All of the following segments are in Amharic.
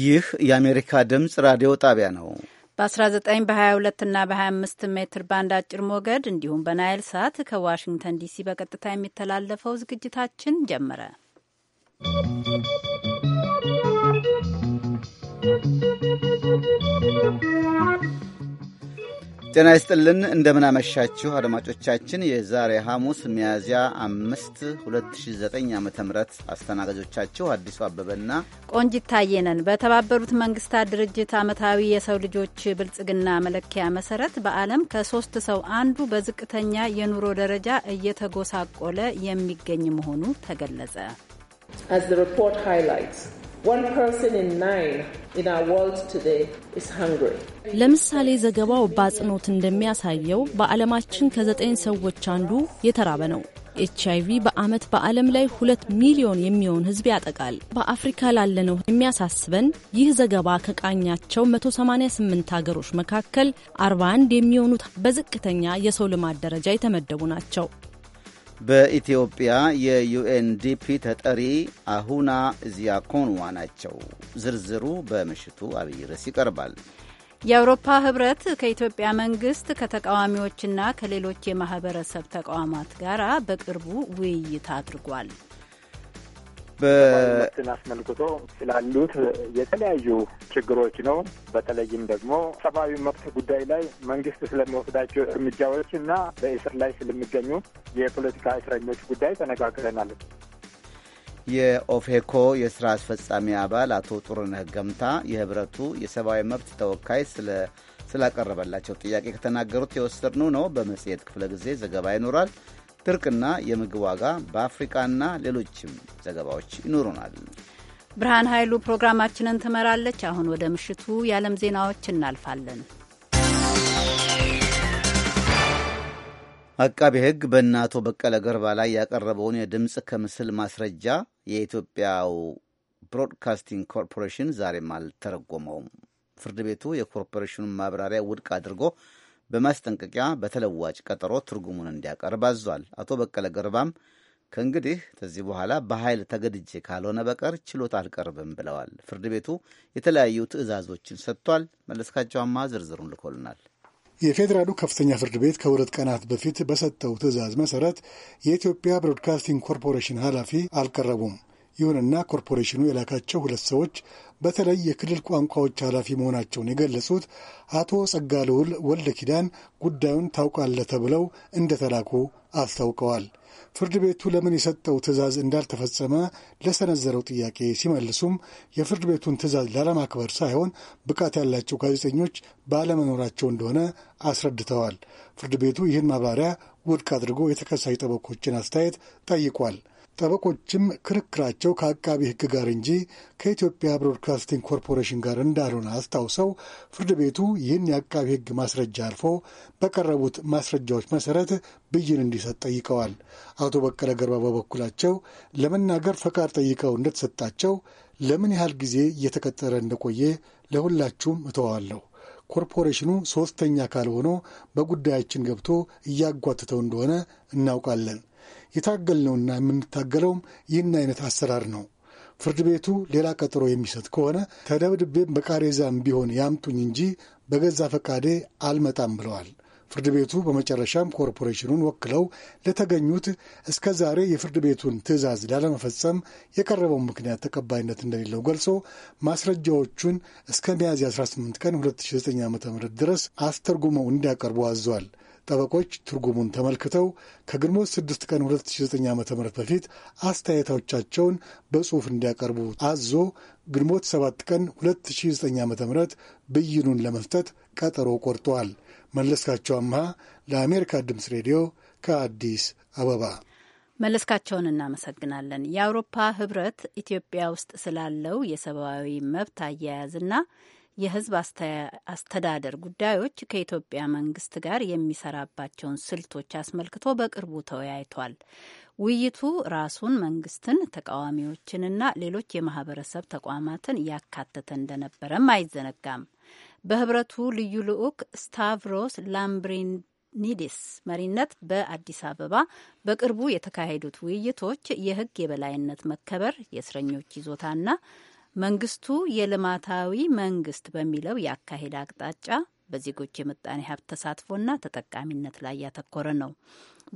ይህ የአሜሪካ ድምፅ ራዲዮ ጣቢያ ነው። በ19 በ22 እና በ25 ሜትር ባንድ አጭር ሞገድ እንዲሁም በናይል ሳት ከዋሽንግተን ዲሲ በቀጥታ የሚተላለፈው ዝግጅታችን ጀመረ። ¶¶ ጤና ይስጥልን እንደምናመሻችሁ አድማጮቻችን የዛሬ ሐሙስ ሚያዝያ አምስት 2009 ዓ ም አስተናጋጆቻችሁ አዲሱ አበበና ቆንጂት ታየነን በተባበሩት መንግስታት ድርጅት ዓመታዊ የሰው ልጆች ብልጽግና መለኪያ መሰረት በዓለም ከሶስት ሰው አንዱ በዝቅተኛ የኑሮ ደረጃ እየተጎሳቆለ የሚገኝ መሆኑ ተገለጸ። As the report highlights, ለምሳሌ ዘገባው በአጽንኦት እንደሚያሳየው በዓለማችን ከዘጠኝ ሰዎች አንዱ የተራበ ነው። ኤች አይቪ በዓመት በዓለም ላይ ሁለት ሚሊዮን የሚሆን ሕዝብ ያጠቃል። በአፍሪካ ላለነው የሚያሳስበን ይህ ዘገባ ከቃኛቸው 188 ሀገሮች መካከል 41 የሚሆኑት በዝቅተኛ የሰው ልማት ደረጃ የተመደቡ ናቸው። በኢትዮጵያ የዩኤንዲፒ ተጠሪ አሁና ዚያኮንዋ ናቸው። ዝርዝሩ በምሽቱ አብይ ርዕስ ይቀርባል። የአውሮፓ ህብረት ከኢትዮጵያ መንግስት ከተቃዋሚዎችና ከሌሎች የማህበረሰብ ተቋማት ጋር በቅርቡ ውይይት አድርጓል። መብትን አስመልክቶ ስላሉት የተለያዩ ችግሮች ነው። በተለይም ደግሞ ሰብአዊ መብት ጉዳይ ላይ መንግስት ስለሚወስዳቸው እርምጃዎች እና በእስር ላይ ስለሚገኙ የፖለቲካ እስረኞች ጉዳይ ተነጋግረናል። የኦፌኮ የስራ አስፈጻሚ አባል አቶ ጡርነህ ገምታ የህብረቱ የሰብአዊ መብት ተወካይ ስለ ስላቀረበላቸው ጥያቄ ከተናገሩት የወሰድነው ነው። በመጽሔት ክፍለ ጊዜ ዘገባ ይኖራል። ድርቅና የምግብ ዋጋ በአፍሪቃና ሌሎችም ዘገባዎች ይኖሩናል። ብርሃን ኃይሉ ፕሮግራማችንን ትመራለች። አሁን ወደ ምሽቱ የዓለም ዜናዎች እናልፋለን። አቃቢ ሕግ በእነ አቶ በቀለ ገርባ ላይ ያቀረበውን የድምፅ ከምስል ማስረጃ የኢትዮጵያው ብሮድካስቲንግ ኮርፖሬሽን ዛሬም አልተረጎመውም። ፍርድ ቤቱ የኮርፖሬሽኑን ማብራሪያ ውድቅ አድርጎ በማስጠንቀቂያ በተለዋጭ ቀጠሮ ትርጉሙን እንዲያቀርብ አዟል። አቶ በቀለ ገርባም ከእንግዲህ ከዚህ በኋላ በኃይል ተገድጄ ካልሆነ በቀር ችሎት አልቀርብም ብለዋል። ፍርድ ቤቱ የተለያዩ ትዕዛዞችን ሰጥቷል። መለስካቸውማ ዝርዝሩን ልኮልናል። የፌዴራሉ ከፍተኛ ፍርድ ቤት ከሁለት ቀናት በፊት በሰጠው ትዕዛዝ መሰረት የኢትዮጵያ ብሮድካስቲንግ ኮርፖሬሽን ኃላፊ አልቀረቡም። ይሁንና ኮርፖሬሽኑ የላካቸው ሁለት ሰዎች በተለይ የክልል ቋንቋዎች ኃላፊ መሆናቸውን የገለጹት አቶ ጸጋ ልዑል ወልደ ኪዳን ጉዳዩን ታውቃለህ ተብለው እንደተላኩ አስታውቀዋል። ፍርድ ቤቱ ለምን የሰጠው ትዕዛዝ እንዳልተፈጸመ ለሰነዘረው ጥያቄ ሲመልሱም የፍርድ ቤቱን ትዕዛዝ ላለማክበር ሳይሆን ብቃት ያላቸው ጋዜጠኞች ባለመኖራቸው እንደሆነ አስረድተዋል። ፍርድ ቤቱ ይህን ማብራሪያ ውድቅ አድርጎ የተከሳሽ ጠበቆችን አስተያየት ጠይቋል። ጠበቆችም ክርክራቸው ከአቃቢ ሕግ ጋር እንጂ ከኢትዮጵያ ብሮድካስቲንግ ኮርፖሬሽን ጋር እንዳልሆነ አስታውሰው ፍርድ ቤቱ ይህን የአቃቢ ሕግ ማስረጃ አልፎ በቀረቡት ማስረጃዎች መሰረት ብይን እንዲሰጥ ጠይቀዋል። አቶ በቀለ ገርባ በበኩላቸው ለመናገር ፈቃድ ጠይቀው እንደተሰጣቸው ለምን ያህል ጊዜ እየተቀጠረ እንደቆየ ለሁላችሁም እተዋለሁ። ኮርፖሬሽኑ ሶስተኛ አካል ሆኖ በጉዳያችን ገብቶ እያጓትተው እንደሆነ እናውቃለን የታገልነውና የምንታገለውም ይህን አይነት አሰራር ነው። ፍርድ ቤቱ ሌላ ቀጠሮ የሚሰጥ ከሆነ ተደብድቤም በቃሬዛም ቢሆን ያምጡኝ እንጂ በገዛ ፈቃዴ አልመጣም ብለዋል። ፍርድ ቤቱ በመጨረሻም ኮርፖሬሽኑን ወክለው ለተገኙት እስከ ዛሬ የፍርድ ቤቱን ትዕዛዝ ላለመፈጸም የቀረበው ምክንያት ተቀባይነት እንደሌለው ገልጾ ማስረጃዎቹን እስከ ሚያዝያ 18 ቀን 2009 ዓ ም ድረስ አስተርጉመው እንዲያቀርቡ አዟል። ጠበቆች ትርጉሙን ተመልክተው ከግንቦት 6 ቀን 2009 ዓ ም በፊት አስተያየቶቻቸውን በጽሑፍ እንዲያቀርቡ አዞ ግንቦት 7 ቀን 2009 ዓ ም ብይኑን ለመስጠት ቀጠሮ ቆርጠዋል። መለስካቸው አምሃ ለአሜሪካ ድምፅ ሬዲዮ ከአዲስ አበባ። መለስካቸውን እናመሰግናለን። የአውሮፓ ህብረት ኢትዮጵያ ውስጥ ስላለው የሰብአዊ መብት አያያዝና የህዝብ አስተዳደር ጉዳዮች ከኢትዮጵያ መንግስት ጋር የሚሰራባቸውን ስልቶች አስመልክቶ በቅርቡ ተወያይቷል። ውይይቱ ራሱን መንግስትን፣ ተቃዋሚዎችንና ሌሎች የማህበረሰብ ተቋማትን ያካተተ እንደነበረም አይዘነጋም። በህብረቱ ልዩ ልዑክ ስታቭሮስ ላምብሪን ኒዲስ መሪነት በአዲስ አበባ በቅርቡ የተካሄዱት ውይይቶች የህግ የበላይነት መከበር፣ የእስረኞች ይዞታና መንግስቱ የልማታዊ መንግስት በሚለው የአካሄድ አቅጣጫ በዜጎች የምጣኔ ሀብት ተሳትፎና ተጠቃሚነት ላይ ያተኮረ ነው።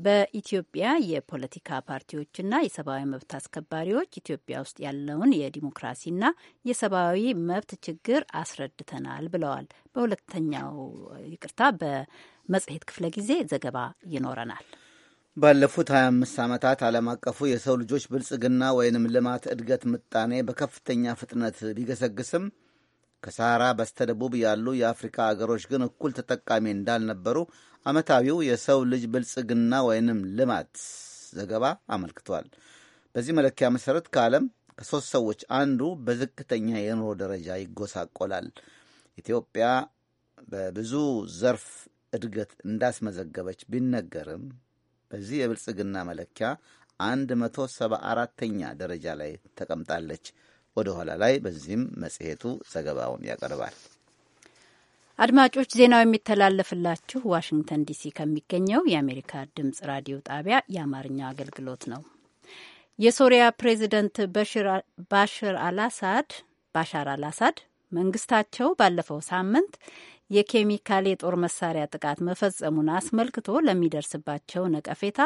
በኢትዮጵያ የፖለቲካ ፓርቲዎችና የሰብአዊ መብት አስከባሪዎች ኢትዮጵያ ውስጥ ያለውን የዲሞክራሲና የሰብአዊ መብት ችግር አስረድተናል ብለዋል። በሁለተኛው ይቅርታ፣ በመጽሔት ክፍለ ጊዜ ዘገባ ይኖረናል። ባለፉት 25 ዓመታት ዓለም አቀፉ የሰው ልጆች ብልጽግና ወይንም ልማት እድገት ምጣኔ በከፍተኛ ፍጥነት ቢገሰግስም ከሳራ በስተደቡብ ያሉ የአፍሪካ አገሮች ግን እኩል ተጠቃሚ እንዳልነበሩ ዓመታዊው የሰው ልጅ ብልጽግና ወይንም ልማት ዘገባ አመልክቷል። በዚህ መለኪያ መሠረት ከዓለም ከሦስት ሰዎች አንዱ በዝቅተኛ የኑሮ ደረጃ ይጎሳቆላል። ኢትዮጵያ በብዙ ዘርፍ እድገት እንዳስመዘገበች ቢነገርም በዚህ የብልጽግና መለኪያ 174 ተኛ ደረጃ ላይ ተቀምጣለች። ወደ ኋላ ላይ በዚህም መጽሔቱ ዘገባውን ያቀርባል። አድማጮች ዜናው የሚተላለፍላችሁ ዋሽንግተን ዲሲ ከሚገኘው የአሜሪካ ድምጽ ራዲዮ ጣቢያ የአማርኛ አገልግሎት ነው። የሶሪያ ፕሬዚደንት ባሽር አላሳድ ባሻር አል መንግስታቸው ባለፈው ሳምንት የኬሚካል የጦር መሳሪያ ጥቃት መፈጸሙን አስመልክቶ ለሚደርስባቸው ነቀፌታ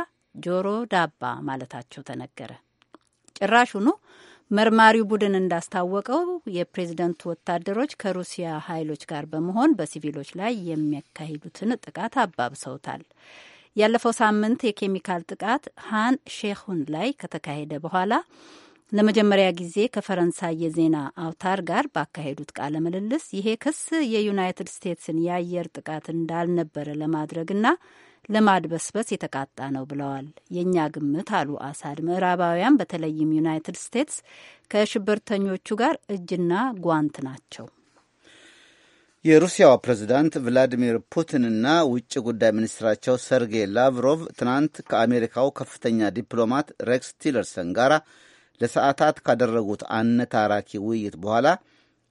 ጆሮ ዳባ ማለታቸው ተነገረ። ጭራሹኑ መርማሪው ቡድን እንዳስታወቀው የፕሬዝደንቱ ወታደሮች ከሩሲያ ኃይሎች ጋር በመሆን በሲቪሎች ላይ የሚያካሂዱትን ጥቃት አባብሰውታል። ያለፈው ሳምንት የኬሚካል ጥቃት ሃን ሼሁን ላይ ከተካሄደ በኋላ ለመጀመሪያ ጊዜ ከፈረንሳይ የዜና አውታር ጋር ባካሄዱት ቃለ ምልልስ ይሄ ክስ የዩናይትድ ስቴትስን የአየር ጥቃት እንዳልነበረ ለማድረግና ለማድበስበስ የተቃጣ ነው ብለዋል። የእኛ ግምት አሉ አሳድ ምዕራባውያን በተለይም ዩናይትድ ስቴትስ ከሽብርተኞቹ ጋር እጅና ጓንት ናቸው። የሩሲያዋ ፕሬዚዳንት ቭላዲሚር ፑቲንና ውጭ ጉዳይ ሚኒስትራቸው ሰርጌይ ላቭሮቭ ትናንት ከአሜሪካው ከፍተኛ ዲፕሎማት ሬክስ ቲለርሰን ጋር ለሰዓታት ካደረጉት አነታራኪ ውይይት በኋላ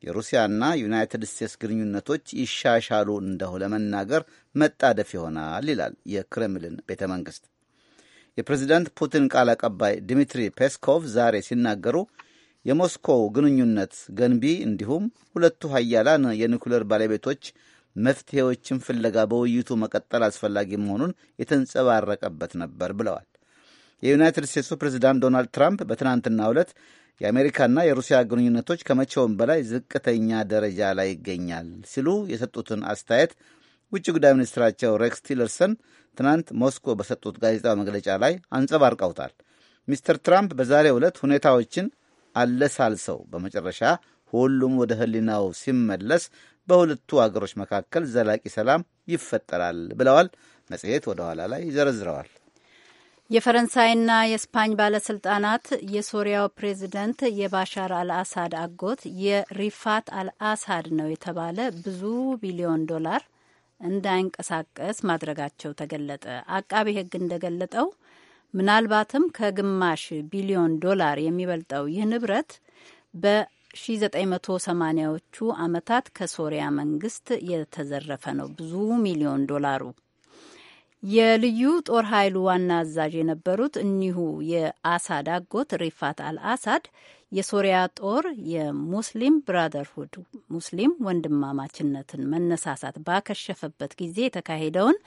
የሩሲያና ዩናይትድ ስቴትስ ግንኙነቶች ይሻሻሉ እንደሁ ለመናገር መጣደፍ ይሆናል ይላል የክሬምልን ቤተ መንግስት። የፕሬዚዳንት ፑቲን ቃል አቀባይ ድሚትሪ ፔስኮቭ ዛሬ ሲናገሩ የሞስኮው ግንኙነት ገንቢ እንዲሁም ሁለቱ ሀያላን የኒኩሌር ባለቤቶች መፍትሄዎችን ፍለጋ በውይይቱ መቀጠል አስፈላጊ መሆኑን የተንጸባረቀበት ነበር ብለዋል። የዩናይትድ ስቴትሱ ፕሬዚዳንት ዶናልድ ትራምፕ በትናንትናው ዕለት የአሜሪካና የሩሲያ ግንኙነቶች ከመቼውም በላይ ዝቅተኛ ደረጃ ላይ ይገኛል ሲሉ የሰጡትን አስተያየት ውጭ ጉዳይ ሚኒስትራቸው ሬክስ ቲለርሰን ትናንት ሞስኮ በሰጡት ጋዜጣ መግለጫ ላይ አንጸባርቀውታል። ሚስተር ትራምፕ በዛሬው ዕለት ሁኔታዎችን አለሳልሰው በመጨረሻ ሁሉም ወደ ሕሊናው ሲመለስ በሁለቱ አገሮች መካከል ዘላቂ ሰላም ይፈጠራል ብለዋል። መጽሔት ወደ ኋላ ላይ ይዘረዝረዋል። የፈረንሳይና የስፓኝ ባለስልጣናት የሶሪያው ፕሬዚደንት የባሻር አልአሳድ አጎት የሪፋት አልአሳድ ነው የተባለ ብዙ ቢሊዮን ዶላር እንዳይንቀሳቀስ ማድረጋቸው ተገለጠ። አቃቤ ሕግ እንደገለጠው ምናልባትም ከግማሽ ቢሊዮን ዶላር የሚበልጠው ይህ ንብረት በ1980ዎቹ ዓመታት ከሶሪያ መንግስት የተዘረፈ ነው። ብዙ ሚሊዮን ዶላሩ የልዩ ጦር ኃይሉ ዋና አዛዥ የነበሩት እኒሁ የአሳድ አጎት ሪፋት አልአሳድ የሶሪያ ጦር የሙስሊም ብራደርሁድ ሙስሊም ወንድማማችነትን መነሳሳት ባከሸፈበት ጊዜ የተካሄደውን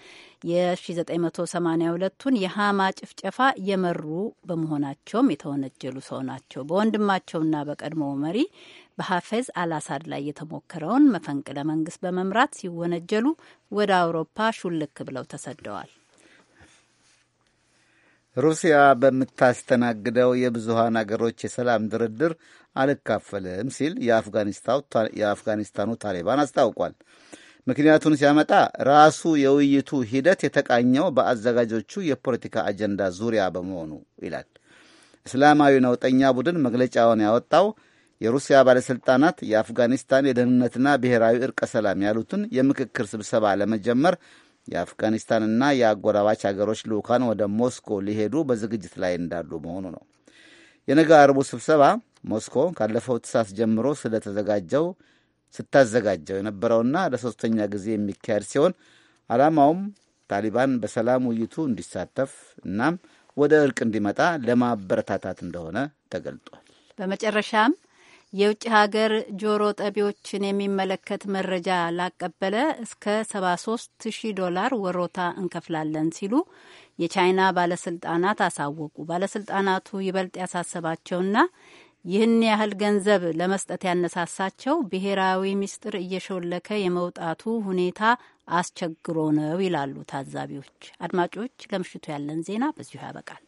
የ1982ቱን የሃማ ጭፍጨፋ የመሩ በመሆናቸውም የተወነጀሉ ሰው ናቸው። በወንድማቸውና በቀድሞው መሪ በሐፌዝ አላሳድ ላይ የተሞከረውን መፈንቅለ መንግስት በመምራት ሲወነጀሉ ወደ አውሮፓ ሹልክ ብለው ተሰደዋል። ሩሲያ በምታስተናግደው የብዙሃን አገሮች የሰላም ድርድር አልካፈልም ሲል የአፍጋኒስታኑ ታሊባን አስታውቋል። ምክንያቱን ሲያመጣ ራሱ የውይይቱ ሂደት የተቃኘው በአዘጋጆቹ የፖለቲካ አጀንዳ ዙሪያ በመሆኑ ይላል። እስላማዊ ነውጠኛ ቡድን መግለጫውን ያወጣው የሩሲያ ባለሥልጣናት የአፍጋኒስታን የደህንነትና ብሔራዊ እርቀ ሰላም ያሉትን የምክክር ስብሰባ ለመጀመር የአፍጋኒስታንና የአጎራባች አገሮች ልዑካን ወደ ሞስኮ ሊሄዱ በዝግጅት ላይ እንዳሉ መሆኑ ነው። የነገ አርቡ ስብሰባ ሞስኮ ካለፈው ትሳስ ጀምሮ ስለተዘጋጀው ስታዘጋጀው የነበረውና ለሶስተኛ ጊዜ የሚካሄድ ሲሆን ዓላማውም ታሊባን በሰላም ውይይቱ እንዲሳተፍ እናም ወደ እርቅ እንዲመጣ ለማበረታታት እንደሆነ ተገልጧል። በመጨረሻም የውጭ ሀገር ጆሮ ጠቢዎችን የሚመለከት መረጃ ላቀበለ እስከ 73 ሺህ ዶላር ወሮታ እንከፍላለን ሲሉ የቻይና ባለስልጣናት አሳወቁ። ባለስልጣናቱ ይበልጥ ያሳሰባቸውና ይህን ያህል ገንዘብ ለመስጠት ያነሳሳቸው ብሔራዊ ምስጢር እየሾለከ የመውጣቱ ሁኔታ አስቸግሮ ነው ይላሉ ታዛቢዎች። አድማጮች፣ ለምሽቱ ያለን ዜና በዚሁ ያበቃል።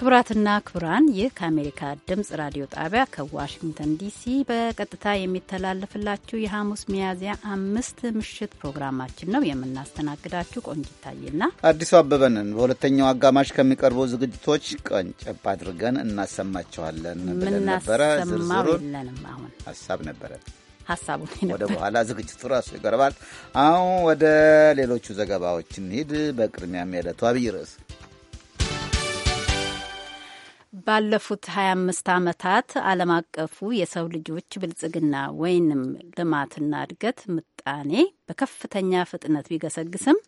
ክቡራትና ክቡራን ይህ ከአሜሪካ ድምፅ ራዲዮ ጣቢያ ከዋሽንግተን ዲሲ በቀጥታ የሚተላለፍላችሁ የሐሙስ ሚያዝያ አምስት ምሽት ፕሮግራማችን ነው። የምናስተናግዳችሁ ቆንጅት አዲሱ አበበንን በሁለተኛው አጋማሽ ከሚቀርቡ ዝግጅቶች ቀንጨብ አድርገን እናሰማችኋለን ብለን ነበረ። ዝርዝሩ የለንም አሁን ሀሳብ ነበረ ሀሳቡ ወደ በኋላ ዝግጅቱ ራሱ ይቀርባል። አሁን ወደ ሌሎቹ ዘገባዎች እንሂድ። በቅድሚያ የዕለቱ አብይ ርዕስ ባለፉት 25 ዓመታት ዓለም አቀፉ የሰው ልጆች ብልጽግና ወይንም ልማትና እድገት ምጣኔ በከፍተኛ ፍጥነት ቢገሰግስም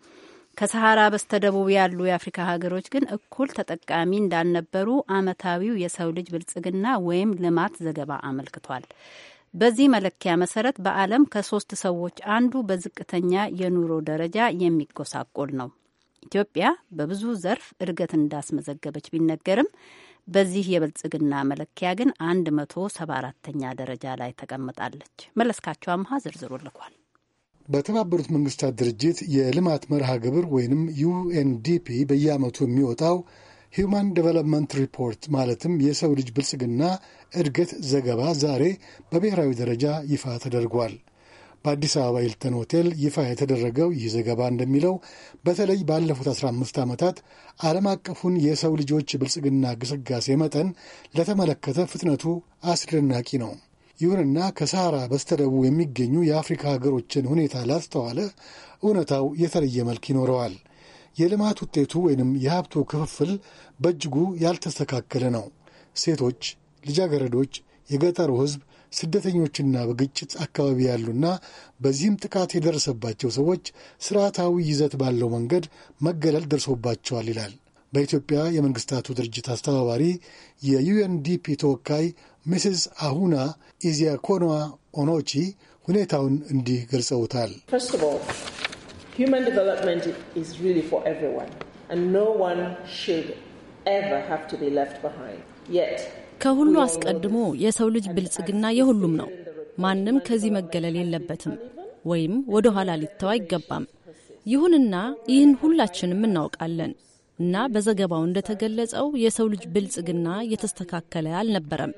ከሰሃራ በስተደቡብ ያሉ የአፍሪካ ሀገሮች ግን እኩል ተጠቃሚ እንዳልነበሩ ዓመታዊው የሰው ልጅ ብልጽግና ወይም ልማት ዘገባ አመልክቷል። በዚህ መለኪያ መሰረት በዓለም ከሶስት ሰዎች አንዱ በዝቅተኛ የኑሮ ደረጃ የሚጎሳቆል ነው። ኢትዮጵያ በብዙ ዘርፍ እድገት እንዳስመዘገበች ቢነገርም በዚህ የብልጽግና መለኪያ ግን 174 ተኛ ደረጃ ላይ ተቀምጣለች። መለስካቸው አምሀ ዝርዝሩ ልኳል። በተባበሩት መንግስታት ድርጅት የልማት መርሃ ግብር ወይንም ዩኤንዲፒ በየአመቱ የሚወጣው ሂውማን ዴቨሎፕመንት ሪፖርት ማለትም የሰው ልጅ ብልጽግና እድገት ዘገባ ዛሬ በብሔራዊ ደረጃ ይፋ ተደርጓል። በአዲስ አበባ ሂልተን ሆቴል ይፋ የተደረገው ይህ ዘገባ እንደሚለው በተለይ ባለፉት 15 ዓመታት ዓለም አቀፉን የሰው ልጆች ብልጽግና ግስጋሴ መጠን ለተመለከተ ፍጥነቱ አስደናቂ ነው። ይሁንና ከሰሃራ በስተደቡብ የሚገኙ የአፍሪካ ሀገሮችን ሁኔታ ላስተዋለ እውነታው የተለየ መልክ ይኖረዋል። የልማት ውጤቱ ወይንም የሀብቱ ክፍፍል በእጅጉ ያልተስተካከለ ነው። ሴቶች፣ ልጃገረዶች፣ የገጠሩ ሕዝብ ስደተኞችና በግጭት አካባቢ ያሉና በዚህም ጥቃት የደረሰባቸው ሰዎች ስርዓታዊ ይዘት ባለው መንገድ መገለል ደርሶባቸዋል ይላል። በኢትዮጵያ የመንግስታቱ ድርጅት አስተባባሪ የዩኤንዲፒ ተወካይ ሚስስ አሁና ኢዚያኮኗ ኦኖቺ ሁኔታውን እንዲህ ገልጸውታል። ከሁሉ አስቀድሞ የሰው ልጅ ብልጽግና የሁሉም ነው። ማንም ከዚህ መገለል የለበትም ወይም ወደ ኋላ ሊተው አይገባም። ይሁንና ይህን ሁላችንም እናውቃለን እና በዘገባው እንደተገለጸው የሰው ልጅ ብልጽግና እየተስተካከለ አልነበረም።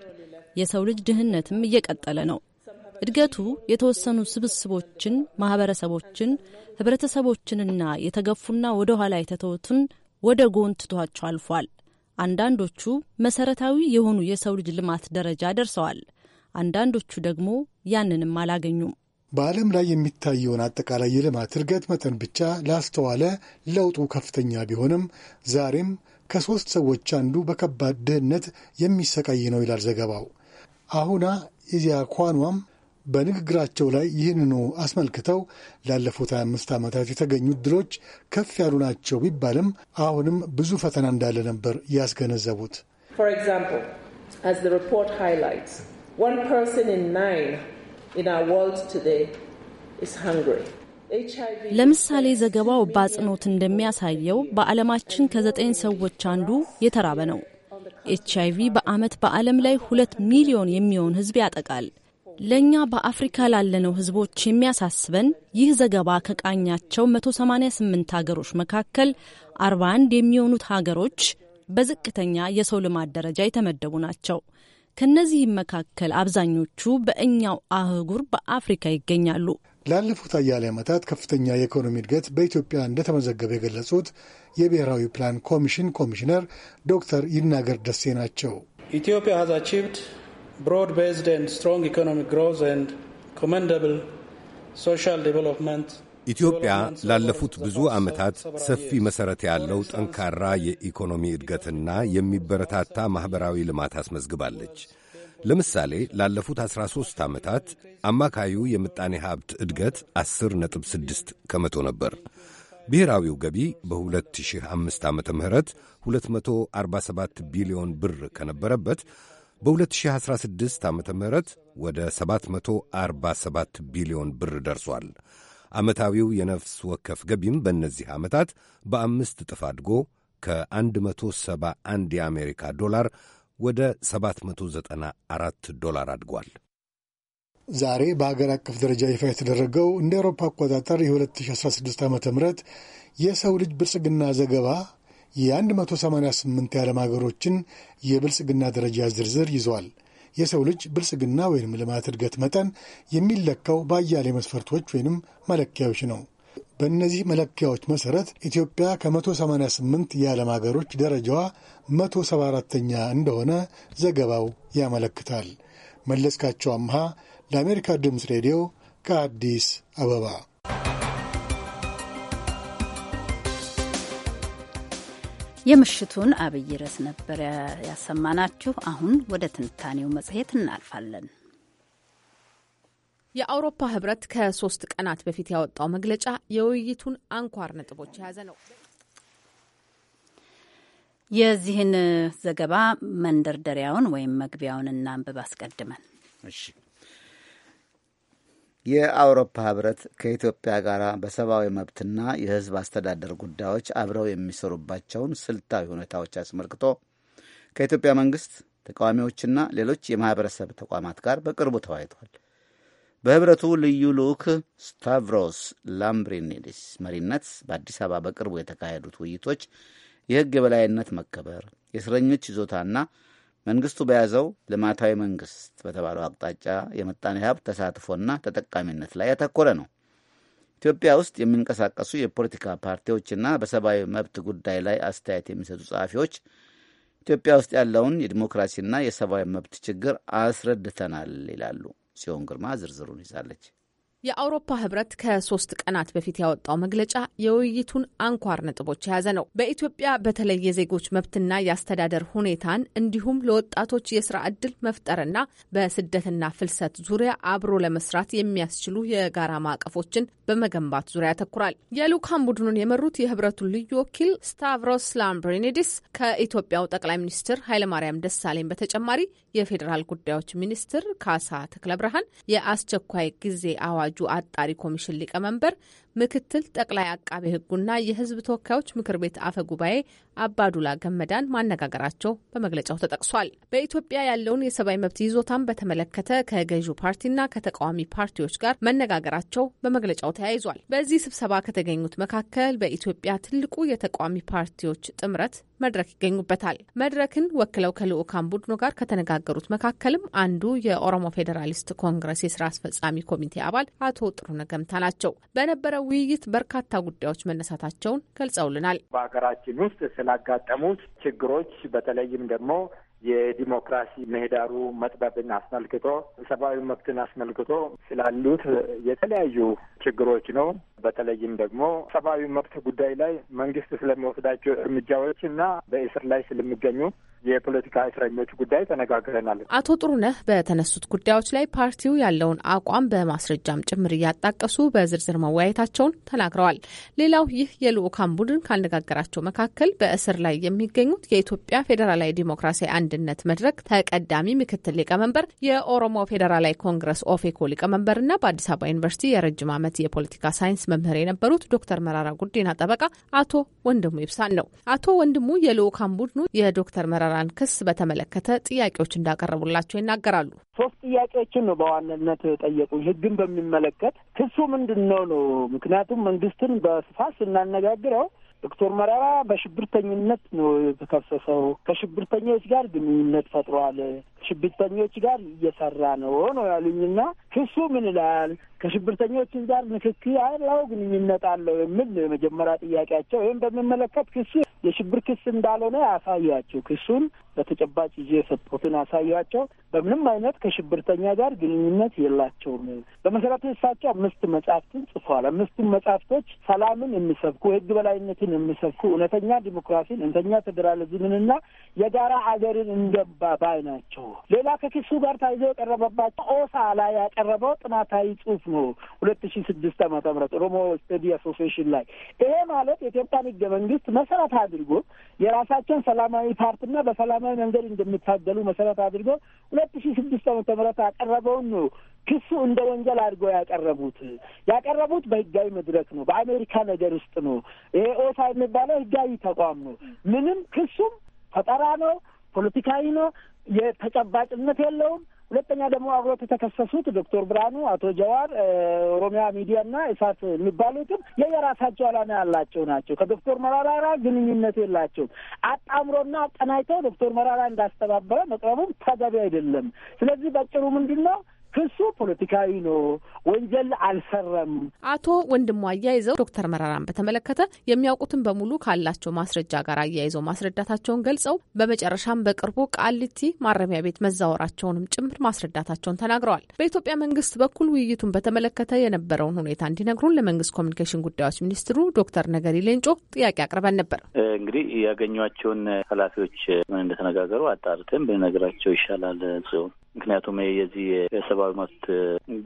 የሰው ልጅ ድህነትም እየቀጠለ ነው። እድገቱ የተወሰኑ ስብስቦችን፣ ማህበረሰቦችን፣ ህብረተሰቦችንና የተገፉና ወደ ኋላ የተተዉትን ወደ ጎን ትቷቸው አልፏል። አንዳንዶቹ መሰረታዊ የሆኑ የሰው ልጅ ልማት ደረጃ ደርሰዋል። አንዳንዶቹ ደግሞ ያንንም አላገኙም። በዓለም ላይ የሚታየውን አጠቃላይ የልማት እድገት መጠን ብቻ ላስተዋለ ለውጡ ከፍተኛ ቢሆንም ዛሬም ከሦስት ሰዎች አንዱ በከባድ ድህነት የሚሰቃይ ነው ይላል ዘገባው። አሁና ኢዚያ ኳኗም በንግግራቸው ላይ ይህንኑ አስመልክተው ላለፉት 25 ዓመታት የተገኙ ድሎች ከፍ ያሉ ናቸው ቢባልም አሁንም ብዙ ፈተና እንዳለ ነበር ያስገነዘቡት። ለምሳሌ ዘገባው በአጽንኦት እንደሚያሳየው በዓለማችን ከዘጠኝ ሰዎች አንዱ የተራበ ነው። ኤች አይቪ በዓመት በዓለም ላይ ሁለት ሚሊዮን የሚሆን ሕዝብ ያጠቃል። ለእኛ በአፍሪካ ላለነው ህዝቦች የሚያሳስበን ይህ ዘገባ ከቃኛቸው 188 ሀገሮች መካከል 41 የሚሆኑት ሀገሮች በዝቅተኛ የሰው ልማት ደረጃ የተመደቡ ናቸው። ከእነዚህም መካከል አብዛኞቹ በእኛው አህጉር በአፍሪካ ይገኛሉ። ላለፉት አያሌ ዓመታት ከፍተኛ የኢኮኖሚ እድገት በኢትዮጵያ እንደተመዘገበ የገለጹት የብሔራዊ ፕላን ኮሚሽን ኮሚሽነር ዶክተር ይናገር ደሴ ናቸው። ኢትዮጵያ broad-based and strong economic growth and commendable social development ኢትዮጵያ ላለፉት ብዙ ዓመታት ሰፊ መሠረት ያለው ጠንካራ የኢኮኖሚ እድገትና የሚበረታታ ማኅበራዊ ልማት አስመዝግባለች። ለምሳሌ ላለፉት 13 ዓመታት አማካዩ የምጣኔ ሀብት እድገት 10.6 ከመቶ ነበር። ብሔራዊው ገቢ በ2005 ዓ ም 247 ቢሊዮን ብር ከነበረበት በ2016 ዓ ም ወደ 747 ቢሊዮን ብር ደርሷል። ዓመታዊው የነፍስ ወከፍ ገቢም በእነዚህ ዓመታት በአምስት እጥፍ አድጎ ከ171 የአሜሪካ ዶላር ወደ 794 ዶላር አድጓል። ዛሬ በሀገር አቀፍ ደረጃ ይፋ የተደረገው እንደ አውሮፓ አቆጣጠር የ2016 ዓ ም የሰው ልጅ ብልጽግና ዘገባ የ188 የዓለም ሀገሮችን የብልጽግና ደረጃ ዝርዝር ይዟል። የሰው ልጅ ብልጽግና ወይም ልማት እድገት መጠን የሚለካው በአያሌ መስፈርቶች ወይንም መለኪያዎች ነው። በእነዚህ መለኪያዎች መሠረት ኢትዮጵያ ከ188 የዓለም ሀገሮች ደረጃዋ 174ተኛ እንደሆነ ዘገባው ያመለክታል። መለስካቸው አምሃ ለአሜሪካ ድምፅ ሬዲዮ ከአዲስ አበባ የምሽቱን አብይ ርዕስ ነበር ያሰማናችሁ። አሁን ወደ ትንታኔው መጽሔት እናልፋለን። የአውሮፓ ህብረት ከሶስት ቀናት በፊት ያወጣው መግለጫ የውይይቱን አንኳር ነጥቦች የያዘ ነው። የዚህን ዘገባ መንደርደሪያውን ወይም መግቢያውን እናንብብ አስቀድመን እሺ የአውሮፓ ህብረት ከኢትዮጵያ ጋር በሰብአዊ መብትና የህዝብ አስተዳደር ጉዳዮች አብረው የሚሰሩባቸውን ስልታዊ ሁኔታዎች አስመልክቶ ከኢትዮጵያ መንግስት ተቃዋሚዎችና ሌሎች የማኅበረሰብ ተቋማት ጋር በቅርቡ ተወያይቷል። በህብረቱ ልዩ ልዑክ ስታቭሮስ ላምብሪኒዲስ መሪነት በአዲስ አበባ በቅርቡ የተካሄዱት ውይይቶች የህግ የበላይነት መከበር፣ የእስረኞች ይዞታና መንግስቱ በያዘው ልማታዊ መንግስት በተባለው አቅጣጫ የመጣኔ ሀብት ተሳትፎና ተጠቃሚነት ላይ ያተኮረ ነው። ኢትዮጵያ ውስጥ የሚንቀሳቀሱ የፖለቲካ ፓርቲዎችና በሰብአዊ መብት ጉዳይ ላይ አስተያየት የሚሰጡ ጸሐፊዎች ኢትዮጵያ ውስጥ ያለውን የዲሞክራሲና የሰብአዊ መብት ችግር አስረድተናል ይላሉ። ጽዮን ግርማ ዝርዝሩን ይዛለች። የአውሮፓ ህብረት ከሶስት ቀናት በፊት ያወጣው መግለጫ የውይይቱን አንኳር ነጥቦች የያዘ ነው። በኢትዮጵያ በተለይ የዜጎች መብትና የአስተዳደር ሁኔታን እንዲሁም ለወጣቶች የስራ ዕድል መፍጠርና በስደትና ፍልሰት ዙሪያ አብሮ ለመስራት የሚያስችሉ የጋራ ማዕቀፎችን በመገንባት ዙሪያ ያተኩራል። የልዑካን ቡድኑን የመሩት የህብረቱ ልዩ ወኪል ስታቭሮስ ላምብሪኒዲስ ከኢትዮጵያው ጠቅላይ ሚኒስትር ኃይለማርያም ደሳለኝ በተጨማሪ የፌዴራል ጉዳዮች ሚኒስትር ካሳ ተክለ ብርሃን፣ የአስቸኳይ ጊዜ አዋጁ አጣሪ ኮሚሽን ሊቀመንበር ምክትል ጠቅላይ አቃቤ ሕጉና የሕዝብ ተወካዮች ምክር ቤት አፈ ጉባኤ አባዱላ ገመዳን ማነጋገራቸው በመግለጫው ተጠቅሷል። በኢትዮጵያ ያለውን የሰብአዊ መብት ይዞታን በተመለከተ ከገዢው ፓርቲና ከተቃዋሚ ፓርቲዎች ጋር መነጋገራቸው በመግለጫው ተያይዟል። በዚህ ስብሰባ ከተገኙት መካከል በኢትዮጵያ ትልቁ የተቃዋሚ ፓርቲዎች ጥምረት መድረክ ይገኙበታል። መድረክን ወክለው ከልዑካን ቡድኑ ጋር ከተነጋገሩት መካከልም አንዱ የኦሮሞ ፌዴራሊስት ኮንግረስ የስራ አስፈጻሚ ኮሚቴ አባል አቶ ጥሩነ ገምታ ናቸው። በነበረው በተካሄደው ውይይት በርካታ ጉዳዮች መነሳታቸውን ገልጸውልናል። በሀገራችን ውስጥ ስላጋጠሙት ችግሮች በተለይም ደግሞ የዲሞክራሲ ምህዳሩ መጥበብን አስመልክቶ ሰብአዊ መብትን አስመልክቶ ስላሉት የተለያዩ ችግሮች ነው። በተለይም ደግሞ ሰብአዊ መብት ጉዳይ ላይ መንግስት ስለሚወስዳቸው እርምጃዎች እና በእስር ላይ ስለሚገኙ የፖለቲካ እስረኞች ጉዳይ ተነጋግረናል። አቶ ጥሩነህ በተነሱት ጉዳዮች ላይ ፓርቲው ያለውን አቋም በማስረጃም ጭምር እያጣቀሱ በዝርዝር መወያየታቸውን ተናግረዋል። ሌላው ይህ የልዑካን ቡድን ካነጋገራቸው መካከል በእስር ላይ የሚገኙት የኢትዮጵያ ፌዴራላዊ ዲሞክራሲያዊ አንድነት መድረክ ተቀዳሚ ምክትል ሊቀመንበር፣ የኦሮሞ ፌዴራላዊ ኮንግረስ ኦፌኮ ሊቀመንበርና በአዲስ አበባ ዩኒቨርሲቲ የረጅም ዓመት የፖለቲካ ሳይንስ መምህር የነበሩት ዶክተር መራራ ጉዲና ጠበቃ አቶ ወንድሙ ይብሳን ነው። አቶ ወንድሙ የልዑካን ቡድኑ የዶክተር መራራ የጠራራን ክስ በተመለከተ ጥያቄዎች እንዳቀረቡላቸው ይናገራሉ። ሶስት ጥያቄዎችን ነው በዋናነት ጠየቁኝ። ህግን በሚመለከት ክሱ ምንድን ነው ነው? ምክንያቱም መንግስትን በስፋት ስናነጋግረው ዶክተር መረራ በሽብርተኝነት ነው የተከሰሰው፣ ከሽብርተኞች ጋር ግንኙነት ፈጥሯል፣ ሽብርተኞች ጋር እየሰራ ነው ነው ያሉኝና ክሱ ምን ይላል? ከሽብርተኞችን ጋር ንክኪ ያለው ግንኙነት አለው የሚል የመጀመሪያ ጥያቄያቸው። ይህም በሚመለከት ክሱ የሽብር ክስ እንዳልሆነ አሳያቸው። ክሱን በተጨባጭ ይዤ የሰጡትን አሳያቸው። በምንም አይነት ከሽብርተኛ ጋር ግንኙነት የላቸውም። በመሰረቱ እሳቸው አምስት መጽሐፍትን ጽፏል። አምስቱን መጽሐፍቶች ሰላምን የሚሰብኩ ሕግ በላይነትን የሚሰብኩ እውነተኛ ዲሞክራሲን፣ እውነተኛ ፌዴራሊዝምንና የጋራ ሀገርን እንደባ ባይ ናቸው። ሌላ ከክሱ ጋር ታይዞ የቀረበባቸው ኦሳ ላይ ያቀረበው ጥናታዊ ጽሁፍ ነው ሁለት ሺ ስድስት ዓመተ ምህረት ኦሮሞ ስተዲ አሶሲሽን ላይ ይሄ ማለት የኢትዮጵያን ህገ መንግስት መሰረት አድርጎ የራሳቸውን ሰላማዊ ፓርቲና በሰላማዊ መንገድ እንደሚታገሉ መሰረት አድርጎ ሁለት ሺ ስድስት ዓመተ ምህረት ያቀረበውን ነው ክሱ እንደ ወንጀል አድርጎ ያቀረቡት ያቀረቡት በህጋዊ መድረክ ነው። በአሜሪካ ነገር ውስጥ ነው። ይሄ ኦሳ የሚባለው ህጋዊ ተቋም ነው። ምንም ክሱም ፈጠራ ነው። ፖለቲካዊ ነው፣ የተጨባጭነት የለውም። ሁለተኛ ደግሞ አብሮት የተከሰሱት ዶክተር ብርሃኑ፣ አቶ ጀዋር፣ ኦሮሚያ ሚዲያ እና እሳት የሚባሉትም የየራሳቸው አላማ ያላቸው ናቸው። ከዶክተር መራራ ጋር ግንኙነት የላቸውም። አጣምሮና አጠናይተው ዶክተር መራራ እንዳስተባበረ መቅረቡም ተገቢ አይደለም። ስለዚህ በጭሩ ምንድን ነው ክሱ ፖለቲካዊ ነው፣ ወንጀል አልሰረም። አቶ ወንድሙ አያይዘው ዶክተር መረራን በተመለከተ የሚያውቁትን በሙሉ ካላቸው ማስረጃ ጋር አያይዘው ማስረዳታቸውን ገልጸው በመጨረሻም በቅርቡ ቃሊቲ ማረሚያ ቤት መዛወራቸውንም ጭምር ማስረዳታቸውን ተናግረዋል። በኢትዮጵያ መንግስት በኩል ውይይቱን በተመለከተ የነበረውን ሁኔታ እንዲነግሩን ለመንግስት ኮሚኒኬሽን ጉዳዮች ሚኒስትሩ ዶክተር ነገሪ ሌንጮ ጥያቄ አቅርበን ነበር። እንግዲህ ያገኟቸውን ኃላፊዎች ምን እንደተነጋገሩ አጣርተን ብንነግራቸው ይሻላል ሲሆን ምክንያቱም የዚህ የሰብአዊ መብት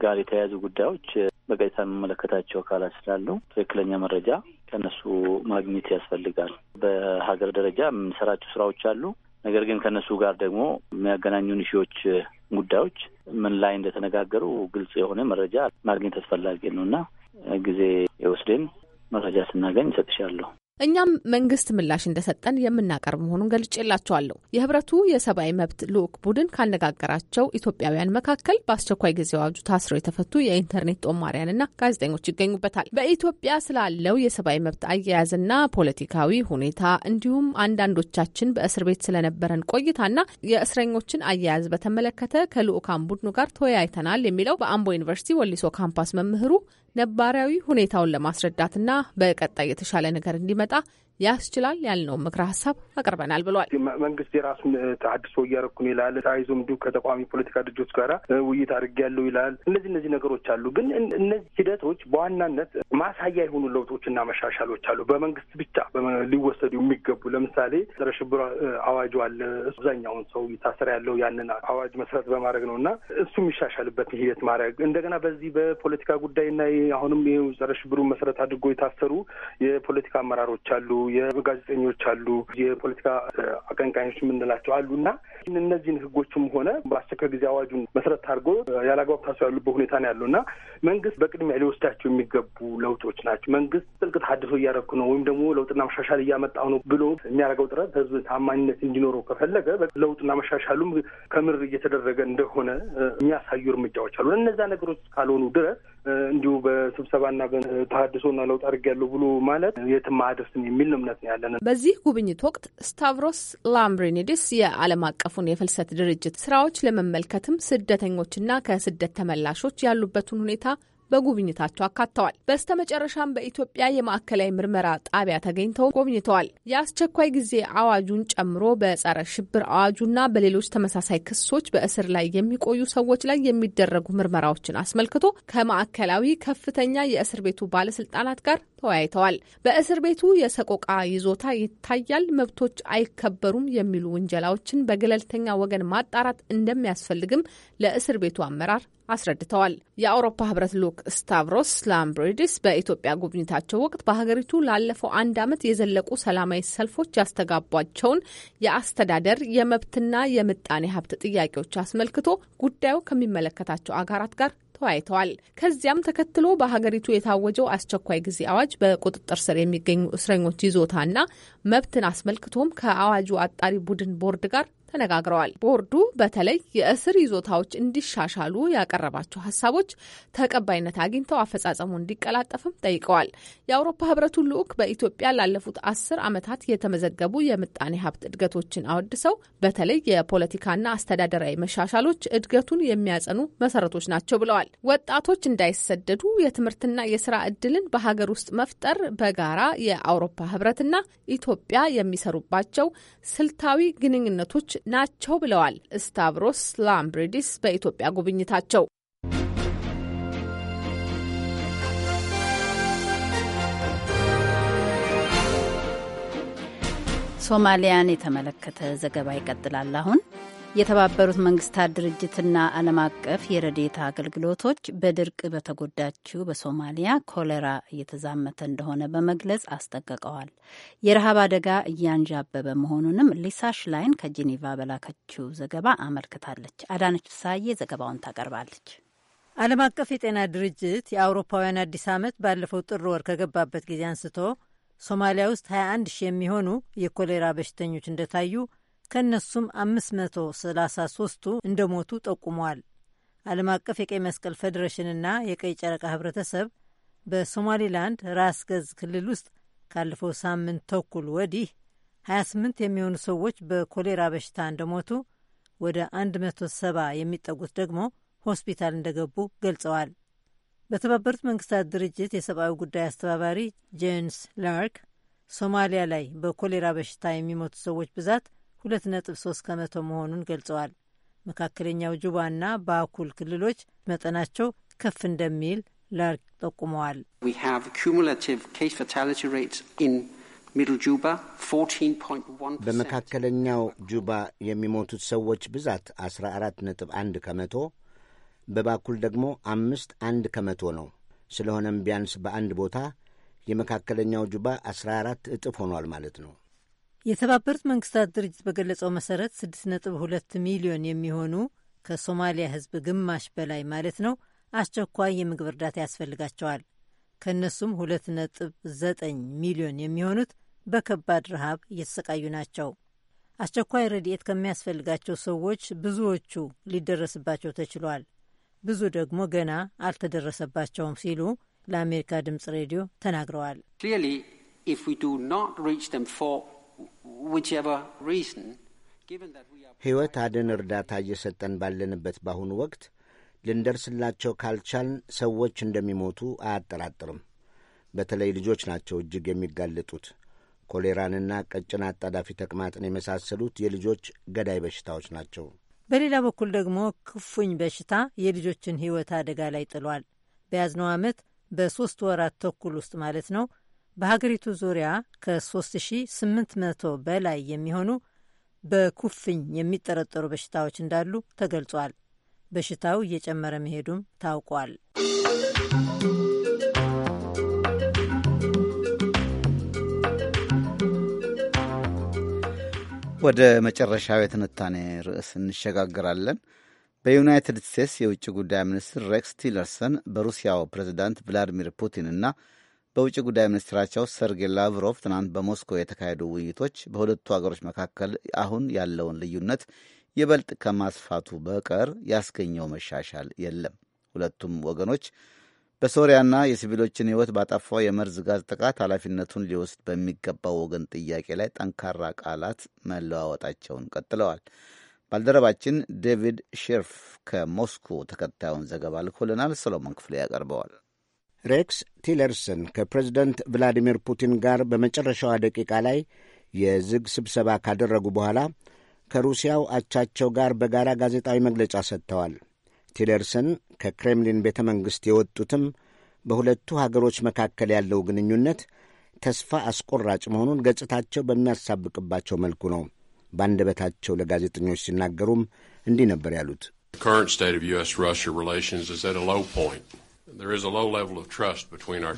ጋር የተያያዙ ጉዳዮች በቀጥታ የሚመለከታቸው አካላት ስላሉ ትክክለኛ መረጃ ከነሱ ማግኘት ያስፈልጋል። በሀገር ደረጃ የምንሰራቸው ስራዎች አሉ። ነገር ግን ከነሱ ጋር ደግሞ የሚያገናኙን ሺዎች ጉዳዮች ምን ላይ እንደተነጋገሩ ግልጽ የሆነ መረጃ ማግኘት አስፈላጊ ነው እና ጊዜ የወስደን መረጃ ስናገኝ እሰጥሻለሁ። እኛም መንግስት ምላሽ እንደሰጠን የምናቀርብ መሆኑን ገልጬላቸዋለሁ። የህብረቱ የሰብአዊ መብት ልዑክ ቡድን ካነጋገራቸው ኢትዮጵያውያን መካከል በአስቸኳይ ጊዜ አዋጁ ታስረው የተፈቱ የኢንተርኔት ጦማሪያንና ጋዜጠኞች ይገኙበታል። በኢትዮጵያ ስላለው የሰብአዊ መብት አያያዝና ፖለቲካዊ ሁኔታ እንዲሁም አንዳንዶቻችን በእስር ቤት ስለነበረን ቆይታና የእስረኞችን አያያዝ በተመለከተ ከልዑካን ቡድኑ ጋር ተወያይተናል የሚለው በአምቦ ዩኒቨርሲቲ ወሊሶ ካምፓስ መምህሩ ነባራዊ ሁኔታውን ለማስረዳትና በቀጣይ የተሻለ ነገር እንዲመጣ ያስችላል ያልነው ምክረ ሀሳብ አቅርበናል ብሏል። መንግስት የራሱን ተሀድሶ እያረኩን ይላል። ተያይዞም እንዲሁ ከተቃዋሚ ፖለቲካ ድርጅቶች ጋር ውይይት አድርጌያለሁ ይላል። እነዚህ እነዚህ ነገሮች አሉ። ግን እነዚህ ሂደቶች በዋናነት ማሳያ የሆኑ ለውጦችና መሻሻሎች አሉ። በመንግስት ብቻ ሊወሰዱ የሚገቡ ለምሳሌ ጸረ ሽብር አዋጁ አለ። አብዛኛውን ሰው ታስረ ያለው ያንን አዋጅ መሰረት በማድረግ ነው እና እሱ የሚሻሻልበት ሂደት ማድረግ እንደገና በዚህ በፖለቲካ ጉዳይና አሁንም ጸረ ሽብሩን መሰረት አድርጎ የታሰሩ የፖለቲካ አመራሮች አሉ የጋዜጠኞች አሉ፣ የፖለቲካ አቀንቃኞች የምንላቸው አሉ እና እነዚህን ህጎችም ሆነ በአስቸኳይ ጊዜ አዋጁን መሰረት አድርጎ ያለአግባብ ታስረው ያሉበት ሁኔታ ነው ያለው እና መንግስት በቅድሚያ ሊወስዳቸው የሚገቡ ለውጦች ናቸው። መንግስት ጥልቅ ተሃድሶ እያደረኩ ነው ወይም ደግሞ ለውጥና መሻሻል እያመጣሁ ነው ብሎ የሚያደርገው ጥረት ህዝብ ታማኝነት እንዲኖረው ከፈለገ ለውጥና መሻሻሉም ከምር እየተደረገ እንደሆነ የሚያሳዩ እርምጃዎች አሉ። እነዛ ነገሮች ካልሆኑ ድረስ እንዲሁ በስብሰባና በተሀድሶና ለውጥ አድርጌያለሁ ብሎ ማለት የትም አያደርስም የሚል እምነት ነው ያለን። በዚህ ጉብኝት ወቅት ስታቭሮስ ላምብሪኒዲስ የዓለም አቀፉ አቀፉን የፍልሰት ድርጅት ስራዎች ለመመልከትም ስደተኞችና ከስደት ተመላሾች ያሉበትን ሁኔታ በጉብኝታቸው አካተዋል። በስተመጨረሻም በኢትዮጵያ የማዕከላዊ ምርመራ ጣቢያ ተገኝተው ጎብኝተዋል። የአስቸኳይ ጊዜ አዋጁን ጨምሮ በጸረ ሽብር አዋጁና በሌሎች ተመሳሳይ ክሶች በእስር ላይ የሚቆዩ ሰዎች ላይ የሚደረጉ ምርመራዎችን አስመልክቶ ከማዕከላዊ ከፍተኛ የእስር ቤቱ ባለስልጣናት ጋር ተወያይተዋል። በእስር ቤቱ የሰቆቃ ይዞታ ይታያል፣ መብቶች አይከበሩም የሚሉ ውንጀላዎችን በገለልተኛ ወገን ማጣራት እንደሚያስፈልግም ለእስር ቤቱ አመራር አስረድተዋል። የአውሮፓ ህብረት ሎክ ስታቭሮስ ላምብሪዲስ በኢትዮጵያ ጉብኝታቸው ወቅት በሀገሪቱ ላለፈው አንድ ዓመት የዘለቁ ሰላማዊ ሰልፎች ያስተጋቧቸውን የአስተዳደር የመብትና የምጣኔ ሀብት ጥያቄዎች አስመልክቶ ጉዳዩ ከሚመለከታቸው አጋራት ጋር ተወያይተዋል። ከዚያም ተከትሎ በሀገሪቱ የታወጀው አስቸኳይ ጊዜ አዋጅ በቁጥጥር ስር የሚገኙ እስረኞች ይዞታና መብትን አስመልክቶም ከአዋጁ አጣሪ ቡድን ቦርድ ጋር ተነጋግረዋል። ቦርዱ በተለይ የእስር ይዞታዎች እንዲሻሻሉ ያቀረባቸው ሀሳቦች ተቀባይነት አግኝተው አፈጻጸሙ እንዲቀላጠፍም ጠይቀዋል። የአውሮፓ ህብረቱ ልዑክ በኢትዮጵያ ላለፉት አስር ዓመታት የተመዘገቡ የምጣኔ ሀብት እድገቶችን አወድሰው በተለይ የፖለቲካና አስተዳደራዊ መሻሻሎች እድገቱን የሚያጸኑ መሰረቶች ናቸው ብለዋል። ወጣቶች እንዳይሰደዱ የትምህርትና የስራ እድልን በሀገር ውስጥ መፍጠር በጋራ የአውሮፓ ህብረትና ኢትዮጵያ የሚሰሩባቸው ስልታዊ ግንኙነቶች ናቸው ብለዋል ስታቭሮስ ላምብሪዲስ በኢትዮጵያ ጉብኝታቸው። ሶማሊያን የተመለከተ ዘገባ ይቀጥላል አሁን የተባበሩት መንግስታት ድርጅትና ዓለም አቀፍ የረዴታ አገልግሎቶች በድርቅ በተጎዳችው በሶማሊያ ኮሌራ እየተዛመተ እንደሆነ በመግለጽ አስጠቀቀዋል። የረሃብ አደጋ እያንዣበበ መሆኑንም ሊሳ ሽላይን ከጄኔቫ በላከችው ዘገባ አመልክታለች። አዳነች ሳዬ ዘገባውን ታቀርባለች። ዓለም አቀፍ የጤና ድርጅት የአውሮፓውያን አዲስ ዓመት ባለፈው ጥር ወር ከገባበት ጊዜ አንስቶ ሶማሊያ ውስጥ 21 ሺህ የሚሆኑ የኮሌራ በሽተኞች እንደታዩ ከእነሱም 533ቱ እንደሞቱ ጠቁመዋል። ዓለም አቀፍ የቀይ መስቀል ፌዴሬሽንና የቀይ ጨረቃ ህብረተሰብ በሶማሊላንድ ራስ ገዝ ክልል ውስጥ ካለፈው ሳምንት ተኩል ወዲህ 28 የሚሆኑ ሰዎች በኮሌራ በሽታ እንደሞቱ ወደ 170 የሚጠጉት ደግሞ ሆስፒታል እንደገቡ ገልጸዋል። በተባበሩት መንግስታት ድርጅት የሰብአዊ ጉዳይ አስተባባሪ ጄንስ ላርክ ሶማሊያ ላይ በኮሌራ በሽታ የሚሞቱ ሰዎች ብዛት 2.3 ከመቶ መሆኑን ገልጸዋል። መካከለኛው ጁባና ባኩል ክልሎች መጠናቸው ከፍ እንደሚል ላርክ ጠቁመዋል። በመካከለኛው ጁባ የሚሞቱት ሰዎች ብዛት 14 ነጥብ 1 ከመቶ፣ በባኩል ደግሞ አምስት አንድ ከመቶ ነው። ስለሆነም ቢያንስ በአንድ ቦታ የመካከለኛው ጁባ 14 እጥፍ ሆኗል ማለት ነው። የተባበሩት መንግስታት ድርጅት በገለጸው መሰረት 6.2 ሚሊዮን የሚሆኑ ከሶማሊያ ህዝብ ግማሽ በላይ ማለት ነው አስቸኳይ የምግብ እርዳታ ያስፈልጋቸዋል። ከእነሱም 2.9 ሚሊዮን የሚሆኑት በከባድ ረሃብ እየተሰቃዩ ናቸው። አስቸኳይ ረድኤት ከሚያስፈልጋቸው ሰዎች ብዙዎቹ ሊደረስባቸው ተችሏል፣ ብዙ ደግሞ ገና አልተደረሰባቸውም ሲሉ ለአሜሪካ ድምፅ ሬዲዮ ተናግረዋል። ሕይወት አድን እርዳታ እየሰጠን ባለንበት በአሁኑ ወቅት ልንደርስላቸው ካልቻልን ሰዎች እንደሚሞቱ አያጠራጥርም። በተለይ ልጆች ናቸው እጅግ የሚጋለጡት። ኮሌራንና ቀጭን አጣዳፊ ተቅማጥን የመሳሰሉት የልጆች ገዳይ በሽታዎች ናቸው። በሌላ በኩል ደግሞ ክፉኝ በሽታ የልጆችን ሕይወት አደጋ ላይ ጥሏል። በያዝነው ዓመት በሦስት ወራት ተኩል ውስጥ ማለት ነው በሀገሪቱ ዙሪያ ከ3800 በላይ የሚሆኑ በኩፍኝ የሚጠረጠሩ በሽታዎች እንዳሉ ተገልጿል። በሽታው እየጨመረ መሄዱም ታውቋል። ወደ መጨረሻው የትንታኔ ርዕስ እንሸጋግራለን። በዩናይትድ ስቴትስ የውጭ ጉዳይ ሚኒስትር ሬክስ ቲለርሰን በሩሲያው ፕሬዚዳንት ቭላዲሚር ፑቲን እና በውጭ ጉዳይ ሚኒስትራቸው ሰርጌይ ላቭሮቭ ትናንት በሞስኮ የተካሄዱ ውይይቶች በሁለቱ አገሮች መካከል አሁን ያለውን ልዩነት ይበልጥ ከማስፋቱ በቀር ያስገኘው መሻሻል የለም። ሁለቱም ወገኖች በሶሪያና የሲቪሎችን ሕይወት ባጠፋው የመርዝ ጋዝ ጥቃት ኃላፊነቱን ሊወስድ በሚገባው ወገን ጥያቄ ላይ ጠንካራ ቃላት መለዋወጣቸውን ቀጥለዋል። ባልደረባችን ዴቪድ ሼርፍ ከሞስኮ ተከታዩን ዘገባ ልኮልናል። ሰሎሞን ክፍሌ ያቀርበዋል። ሬክስ ቲለርሰን ከፕሬዝደንት ቭላዲሚር ፑቲን ጋር በመጨረሻዋ ደቂቃ ላይ የዝግ ስብሰባ ካደረጉ በኋላ ከሩሲያው አቻቸው ጋር በጋራ ጋዜጣዊ መግለጫ ሰጥተዋል። ቲለርሰን ከክሬምሊን ቤተ መንግሥት የወጡትም በሁለቱ ሀገሮች መካከል ያለው ግንኙነት ተስፋ አስቆራጭ መሆኑን ገጽታቸው በሚያሳብቅባቸው መልኩ ነው። በአንደበታቸው ለጋዜጠኞች ሲናገሩም እንዲህ ነበር ያሉት።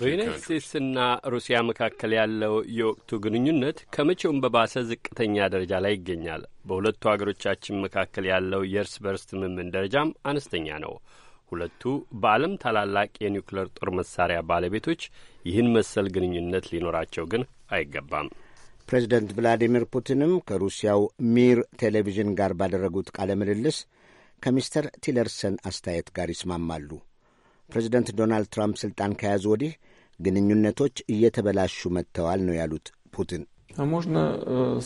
በዩናይት ስቴትስና ሩሲያ መካከል ያለው የወቅቱ ግንኙነት ከመቼውም በባሰ ዝቅተኛ ደረጃ ላይ ይገኛል። በሁለቱ አገሮቻችን መካከል ያለው የእርስ በርስ ትምምን ደረጃም አነስተኛ ነው። ሁለቱ በዓለም ታላላቅ የኒውክሌር ጦር መሳሪያ ባለቤቶች ይህን መሰል ግንኙነት ሊኖራቸው ግን አይገባም። ፕሬዚደንት ቭላዲሚር ፑቲንም ከሩሲያው ሚር ቴሌቪዥን ጋር ባደረጉት ቃለ ምልልስ ከሚስተር ቲለርሰን አስተያየት ጋር ይስማማሉ። ፕሬዚደንት ዶናልድ ትራምፕ ስልጣን ከያዙ ወዲህ ግንኙነቶች እየተበላሹ መጥተዋል ነው ያሉት ፑቲን። uh, uh,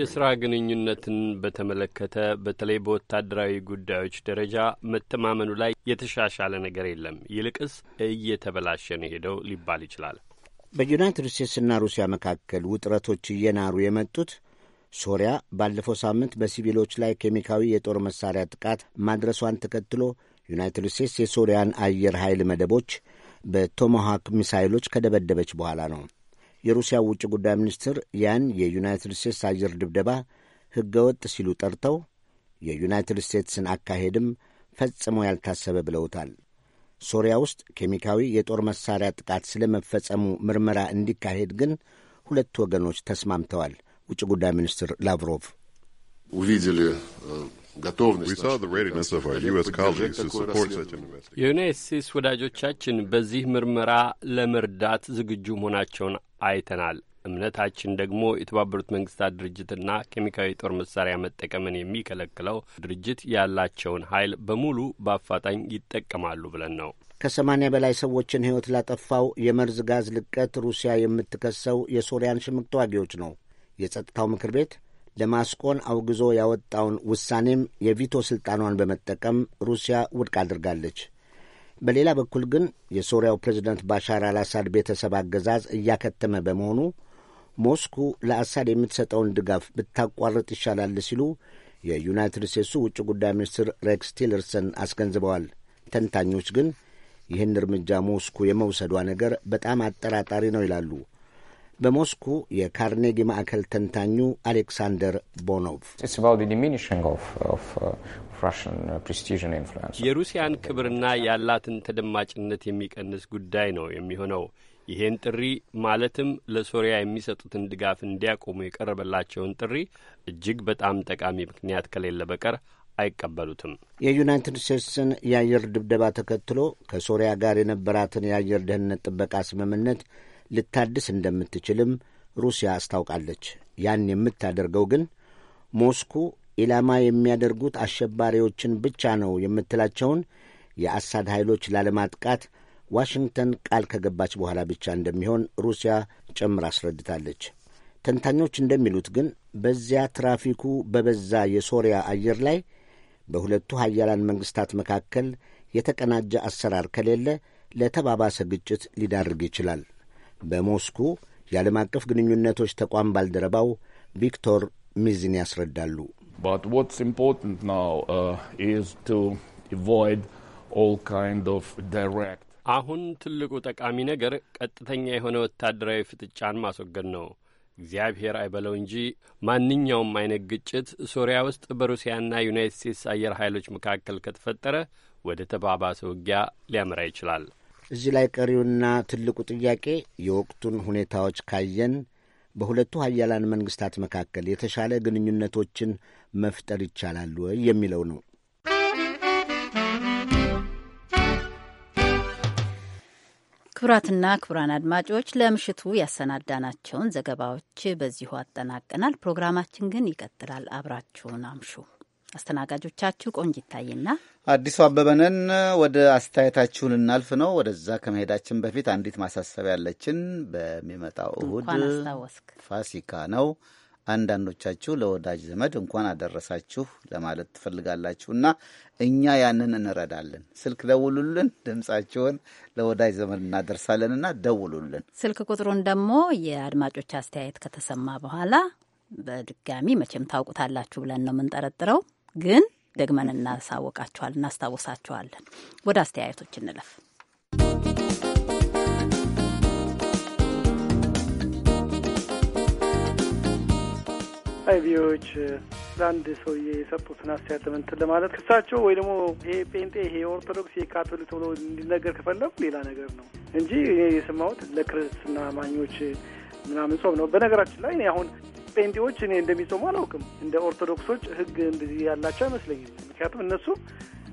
የስራ ግንኙነትን በተመለከተ በተለይ በወታደራዊ ጉዳዮች ደረጃ መተማመኑ ላይ የተሻሻለ ነገር የለም፣ ይልቅስ እየተበላሸ ነው ሄደው ሊባል ይችላል። በዩናይትድ ስቴትስና ሩሲያ መካከል ውጥረቶች እየናሩ የመጡት ሶሪያ ባለፈው ሳምንት በሲቪሎች ላይ ኬሚካዊ የጦር መሳሪያ ጥቃት ማድረሷን ተከትሎ ዩናይትድ ስቴትስ የሶሪያን አየር ኃይል መደቦች በቶማሃክ ሚሳይሎች ከደበደበች በኋላ ነው። የሩሲያ ውጭ ጉዳይ ሚኒስትር ያን የዩናይትድ ስቴትስ አየር ድብደባ ወጥ ሲሉ ጠርተው የዩናይትድ ስቴትስን አካሄድም ፈጽሞ ያልታሰበ ብለውታል። ሶሪያ ውስጥ ኬሚካዊ የጦር መሳሪያ ጥቃት ስለመፈጸሙ ምርመራ እንዲካሄድ ግን ሁለቱ ወገኖች ተስማምተዋል። ውጭ ጉዳይ ሚኒስትር ላቭሮቭ የዩናይት ስቴትስ э, ወዳጆቻችን በዚህ ምርመራ ለመርዳት ዝግጁ መሆናቸውን አይተናል። እምነታችን ደግሞ የተባበሩት መንግስታት ድርጅትና ኬሚካዊ ጦር መሳሪያ መጠቀምን የሚከለክለው ድርጅት ያላቸውን ኃይል በሙሉ በአፋጣኝ ይጠቀማሉ ብለን ነው። ከሰማኒያ በላይ ሰዎችን ሕይወት ላጠፋው የመርዝ ጋዝ ልቀት ሩሲያ የምትከሰው የሶሪያን ሽምቅ ተዋጊዎች ነው። የጸጥታው ምክር ቤት ደማስቆን አውግዞ ያወጣውን ውሳኔም የቪቶ ሥልጣኗን በመጠቀም ሩሲያ ውድቅ አድርጋለች። በሌላ በኩል ግን የሶሪያው ፕሬዝደንት ባሻር አልአሳድ ቤተሰብ አገዛዝ እያከተመ በመሆኑ ሞስኩ ለአሳድ የምትሰጠውን ድጋፍ ብታቋርጥ ይሻላል ሲሉ የዩናይትድ ስቴትሱ ውጭ ጉዳይ ሚኒስትር ሬክስ ቲለርሰን አስገንዝበዋል። ተንታኞች ግን ይህን እርምጃ ሞስኩ የመውሰዷ ነገር በጣም አጠራጣሪ ነው ይላሉ። በሞስኩ የካርኔጊ ማዕከል ተንታኙ አሌክሳንደር ቦኖቭ uh, uh, የሩሲያን ክብርና ያላትን ተደማጭነት የሚቀንስ ጉዳይ ነው የሚሆነው። ይሄን ጥሪ ማለትም ለሶሪያ የሚሰጡትን ድጋፍ እንዲያቆሙ የቀረበላቸውን ጥሪ እጅግ በጣም ጠቃሚ ምክንያት ከሌለ በቀር አይቀበሉትም። የዩናይትድ ስቴትስን የአየር ድብደባ ተከትሎ ከሶሪያ ጋር የነበራትን የአየር ደህንነት ጥበቃ ስምምነት ልታድስ እንደምትችልም ሩሲያ አስታውቃለች። ያን የምታደርገው ግን ሞስኩ ኢላማ የሚያደርጉት አሸባሪዎችን ብቻ ነው የምትላቸውን የአሳድ ኃይሎች ላለማጥቃት ዋሽንግተን ቃል ከገባች በኋላ ብቻ እንደሚሆን ሩሲያ ጨምራ አስረድታለች። ተንታኞች እንደሚሉት ግን በዚያ ትራፊኩ በበዛ የሶሪያ አየር ላይ በሁለቱ ሀያላን መንግስታት መካከል የተቀናጀ አሰራር ከሌለ ለተባባሰ ግጭት ሊዳርግ ይችላል። በሞስኩ የዓለም አቀፍ ግንኙነቶች ተቋም ባልደረባው ቪክቶር ሚዝን ያስረዳሉ። uh, አሁን ትልቁ ጠቃሚ ነገር ቀጥተኛ የሆነ ወታደራዊ ፍጥጫን ማስወገድ ነው። እግዚአብሔር አይበለው እንጂ ማንኛውም አይነት ግጭት ሶሪያ ውስጥ በሩሲያና ዩናይት ስቴትስ አየር ኃይሎች መካከል ከተፈጠረ ወደ ተባባሰ ውጊያ ሊያመራ ይችላል። እዚህ ላይ ቀሪውና ትልቁ ጥያቄ የወቅቱን ሁኔታዎች ካየን በሁለቱ ሀያላን መንግስታት መካከል የተሻለ ግንኙነቶችን መፍጠር ይቻላል ወይ የሚለው ነው። ክቡራትና ክቡራን አድማጮች ለምሽቱ ያሰናዳናቸውን ዘገባዎች በዚሁ አጠናቀናል። ፕሮግራማችን ግን ይቀጥላል። አብራችሁን አምሹ። አስተናጋጆቻችሁ ቆንጅ ይታይና አዲሱ አበበነን ወደ አስተያየታችሁን እናልፍ ነው። ወደዛ ከመሄዳችን በፊት አንዲት ማሳሰብ ያለችን በሚመጣው እሁድ ፋሲካ ነው። አንዳንዶቻችሁ ለወዳጅ ዘመድ እንኳን አደረሳችሁ ለማለት ትፈልጋላችሁና እኛ ያንን እንረዳለን። ስልክ ደውሉልን፣ ድምጻችሁን ለወዳጅ ዘመድ እናደርሳለንና ደውሉልን። ስልክ ቁጥሩን ደግሞ የአድማጮች አስተያየት ከተሰማ በኋላ በድጋሚ መቼም ታውቁታላችሁ ብለን ነው የምንጠረጥረው ግን ደግመን እናሳወቃችኋል እናስታውሳችኋለን። ወደ አስተያየቶች እንለፍ። አይቪዎች ለአንድ ሰውዬ የሰጡትን አስተያየት እንትን ለማለት ክሳቸው ወይ ደግሞ ይሄ ጴንጤ ይሄ ኦርቶዶክስ ይሄ ካቶሊክ ተብሎ እንዲነገር ከፈለጉ ሌላ ነገር ነው እንጂ የሰማሁት ለክርስትና አማኞች ምናምን ጾም ነው። በነገራችን ላይ አሁን ጴንጤዎች እኔ እንደሚጾሙ አላውቅም። እንደ ኦርቶዶክሶች ህግ እንደዚህ ያላቸው አይመስለኝም። ምክንያቱም እነሱ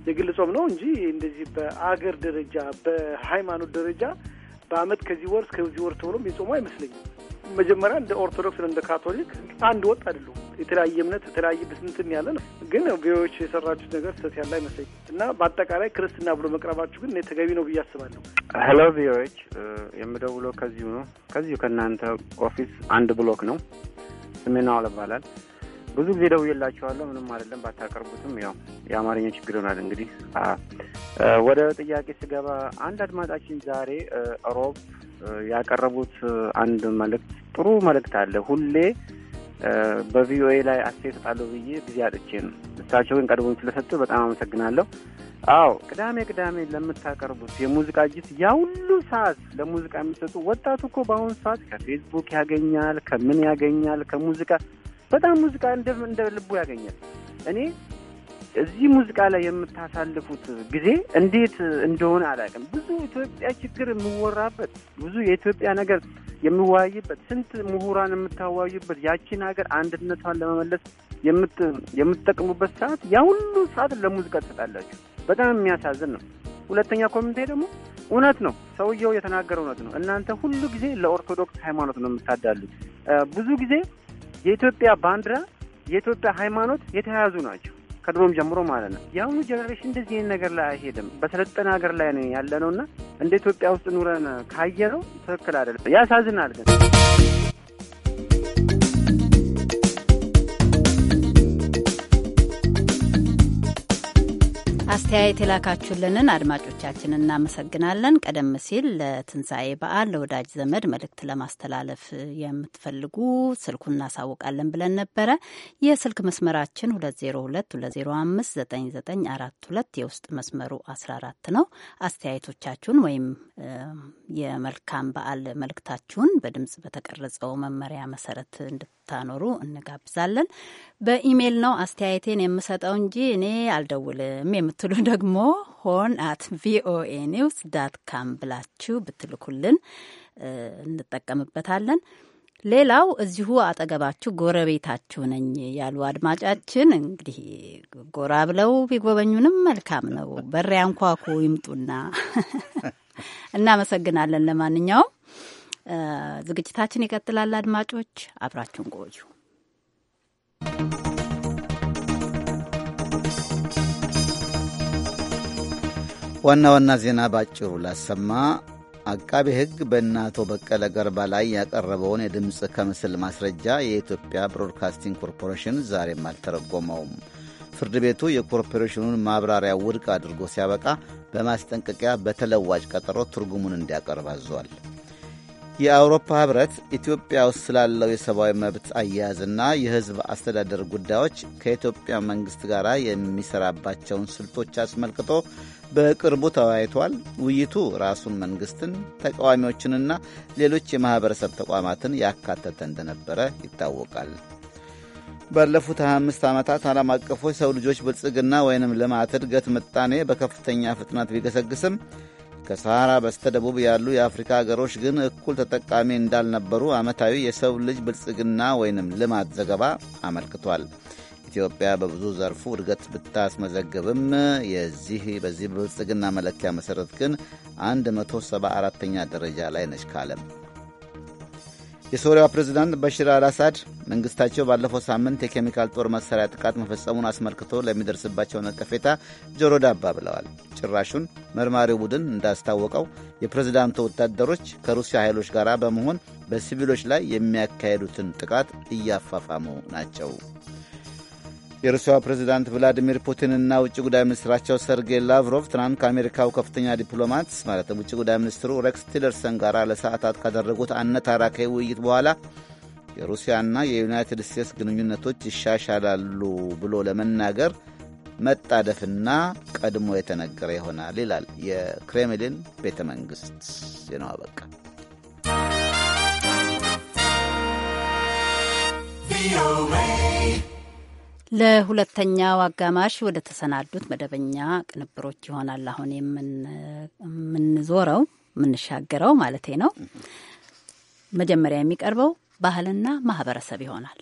የግል ጾም ነው እንጂ እንደዚህ በአገር ደረጃ በሃይማኖት ደረጃ በአመት ከዚህ ወር ከዚህ ወር ተብሎ የሚጾሙ አይመስለኝም። መጀመሪያ እንደ ኦርቶዶክስ እንደ ካቶሊክ አንድ ወጥ አይደሉም። የተለያየ እምነት የተለያየ ብስንትን ያለ ነው። ግን ቪዎች የሰራችሁት ነገር ስህተት ያለ አይመስለኝ እና በአጠቃላይ ክርስትና ብሎ መቅረባችሁ ግን እኔ ተገቢ ነው ብዬ አስባለሁ። ሄሎ ቪዎች የምደውለው ከዚሁ ነው። ከዚሁ ከእናንተ ኦፊስ አንድ ብሎክ ነው። ስሜን አዋል እባላለሁ። ብዙ ጊዜ ደውዬላችኋለሁ። ምንም አይደለም ባታቀርቡትም፣ ያው የአማርኛ ችግር ይሆናል። እንግዲህ ወደ ጥያቄ ስገባ አንድ አድማጫችን ዛሬ ሮብ ያቀረቡት አንድ መልእክት ጥሩ መልእክት አለ። ሁሌ በቪኦኤ ላይ አስተያየት እሰጣለሁ ብዬ ጊዜ አጥቼ ነው። እሳቸው ግን ቀድሞም ስለሰጡ በጣም አመሰግናለሁ። አዎ ቅዳሜ ቅዳሜ ለምታቀርቡት የሙዚቃ ጅት ያ ሁሉ ሰዓት ለሙዚቃ የሚሰጡ ወጣቱ እኮ በአሁኑ ሰዓት ከፌስቡክ ያገኛል፣ ከምን ያገኛል፣ ከሙዚቃ በጣም ሙዚቃ እንደ ልቡ ያገኛል። እኔ እዚህ ሙዚቃ ላይ የምታሳልፉት ጊዜ እንዴት እንደሆነ አላውቅም። ብዙ ኢትዮጵያ ችግር የሚወራበት ብዙ የኢትዮጵያ ነገር የሚወያይበት ስንት ምሁራን የምታወያዩበት ያቺን ሀገር አንድነቷን ለመመለስ የምትጠቅሙበት ሰዓት ያ ሁሉ ሰዓት ለሙዚቃ ትሰጣላችሁ። በጣም የሚያሳዝን ነው። ሁለተኛ ኮሚቴ ደግሞ እውነት ነው፣ ሰውየው የተናገረ እውነት ነው። እናንተ ሁሉ ጊዜ ለኦርቶዶክስ ሃይማኖት ነው የምታዳሉት። ብዙ ጊዜ የኢትዮጵያ ባንዲራ፣ የኢትዮጵያ ሃይማኖት የተያያዙ ናቸው ከድሮም ጀምሮ ማለት ነው። የአሁኑ ጀኔሬሽን እንደዚህ ይህን ነገር ላይ አይሄድም። በሰለጠነ ሀገር ላይ ነው ያለ ነው እና እንደ ኢትዮጵያ ውስጥ ኑረን ካየነው ትክክል አይደለም፣ ያሳዝናል ግን አስተያየት የላካችሁልንን አድማጮቻችን እናመሰግናለን። ቀደም ሲል ለትንሣኤ በዓል ለወዳጅ ዘመድ መልእክት ለማስተላለፍ የምትፈልጉ ስልኩን እናሳውቃለን ብለን ነበረ። የስልክ መስመራችን 2022059942 የውስጥ መስመሩ 14 ነው። አስተያየቶቻችሁን ወይም የመልካም በዓል መልእክታችሁን በድምጽ በተቀረጸው መመሪያ መሰረት እንድታኖሩ እንጋብዛለን። በኢሜይል ነው አስተያየቴን የምሰጠው እንጂ እኔ አልደውልም የምትሉ ደግሞ ሆን አት ቪኦኤ ኒውስ ዳት ካም ብላችሁ ብትልኩልን እንጠቀምበታለን። ሌላው እዚሁ አጠገባችሁ ጎረቤታችሁ ነኝ ያሉ አድማጫችን እንግዲህ ጎራ ብለው ቢጎበኙንም መልካም ነው። በር ያንኳኩ ይምጡና እናመሰግናለን። ለማንኛውም ዝግጅታችን ይቀጥላል። አድማጮች አብራችሁን ቆዩ። ዋና ዋና ዜና ባጭሩ ላሰማ። አቃቤ ሕግ በእነ አቶ በቀለ ገርባ ላይ ያቀረበውን የድምፅ ከምስል ማስረጃ የኢትዮጵያ ብሮድካስቲንግ ኮርፖሬሽን ዛሬም አልተረጎመውም። ፍርድ ቤቱ የኮርፖሬሽኑን ማብራሪያ ውድቅ አድርጎ ሲያበቃ በማስጠንቀቂያ በተለዋጭ ቀጠሮ ትርጉሙን እንዲያቀርብ አዟል። የአውሮፓ ህብረት ኢትዮጵያ ውስጥ ስላለው የሰብአዊ መብት አያያዝና የሕዝብ አስተዳደር ጉዳዮች ከኢትዮጵያ መንግሥት ጋር የሚሠራባቸውን ስልቶች አስመልክቶ በቅርቡ ተወያይቷል። ውይይቱ ራሱን መንግስትን፣ ተቃዋሚዎችንና ሌሎች የማኅበረሰብ ተቋማትን ያካተተ እንደነበረ ይታወቃል። ባለፉት 25 ዓመታት ዓለም አቀፉ የሰው ልጆች ብልጽግና ወይንም ልማት እድገት ምጣኔ በከፍተኛ ፍጥነት ቢገሰግስም ከሰሃራ በስተደቡብ ያሉ የአፍሪካ አገሮች ግን እኩል ተጠቃሚ እንዳልነበሩ ዓመታዊ የሰው ልጅ ብልጽግና ወይንም ልማት ዘገባ አመልክቷል። ኢትዮጵያ በብዙ ዘርፉ እድገት ብታስመዘግብም የዚህ በዚህ ብልጽግና መለኪያ መሠረት ግን 174ኛ ደረጃ ላይ ነች ካለም የሶሪያ ፕሬዝዳንት በሽር አልአሳድ መንግስታቸው ባለፈው ሳምንት የኬሚካል ጦር መሳሪያ ጥቃት መፈጸሙን አስመልክቶ ለሚደርስባቸው ነቀፌታ ጆሮ ዳባ ብለዋል። ጭራሹን መርማሪው ቡድን እንዳስታወቀው የፕሬዝዳንቱ ወታደሮች ከሩሲያ ኃይሎች ጋር በመሆን በሲቪሎች ላይ የሚያካሄዱትን ጥቃት እያፋፋሙ ናቸው። የሩሲያ ፕሬዚዳንት ቭላዲሚር ፑቲንና ውጭ ጉዳይ ሚኒስትራቸው ሰርጌይ ላቭሮቭ ትናንት ከአሜሪካው ከፍተኛ ዲፕሎማት ማለትም ውጭ ጉዳይ ሚኒስትሩ ሬክስ ቲለርሰን ጋር ለሰዓታት ካደረጉት አነታራካይ ውይይት በኋላ የሩሲያና የዩናይትድ ስቴትስ ግንኙነቶች ይሻሻላሉ ብሎ ለመናገር መጣደፍና ቀድሞ የተነገረ ይሆናል ይላል የክሬምሊን ቤተ መንግስት ዜናው አበቃ። ለሁለተኛው አጋማሽ ወደ ተሰናዱት መደበኛ ቅንብሮች ይሆናል አሁን የምንዞረው የምንሻገረው ማለቴ ነው። መጀመሪያ የሚቀርበው ባህልና ማህበረሰብ ይሆናል።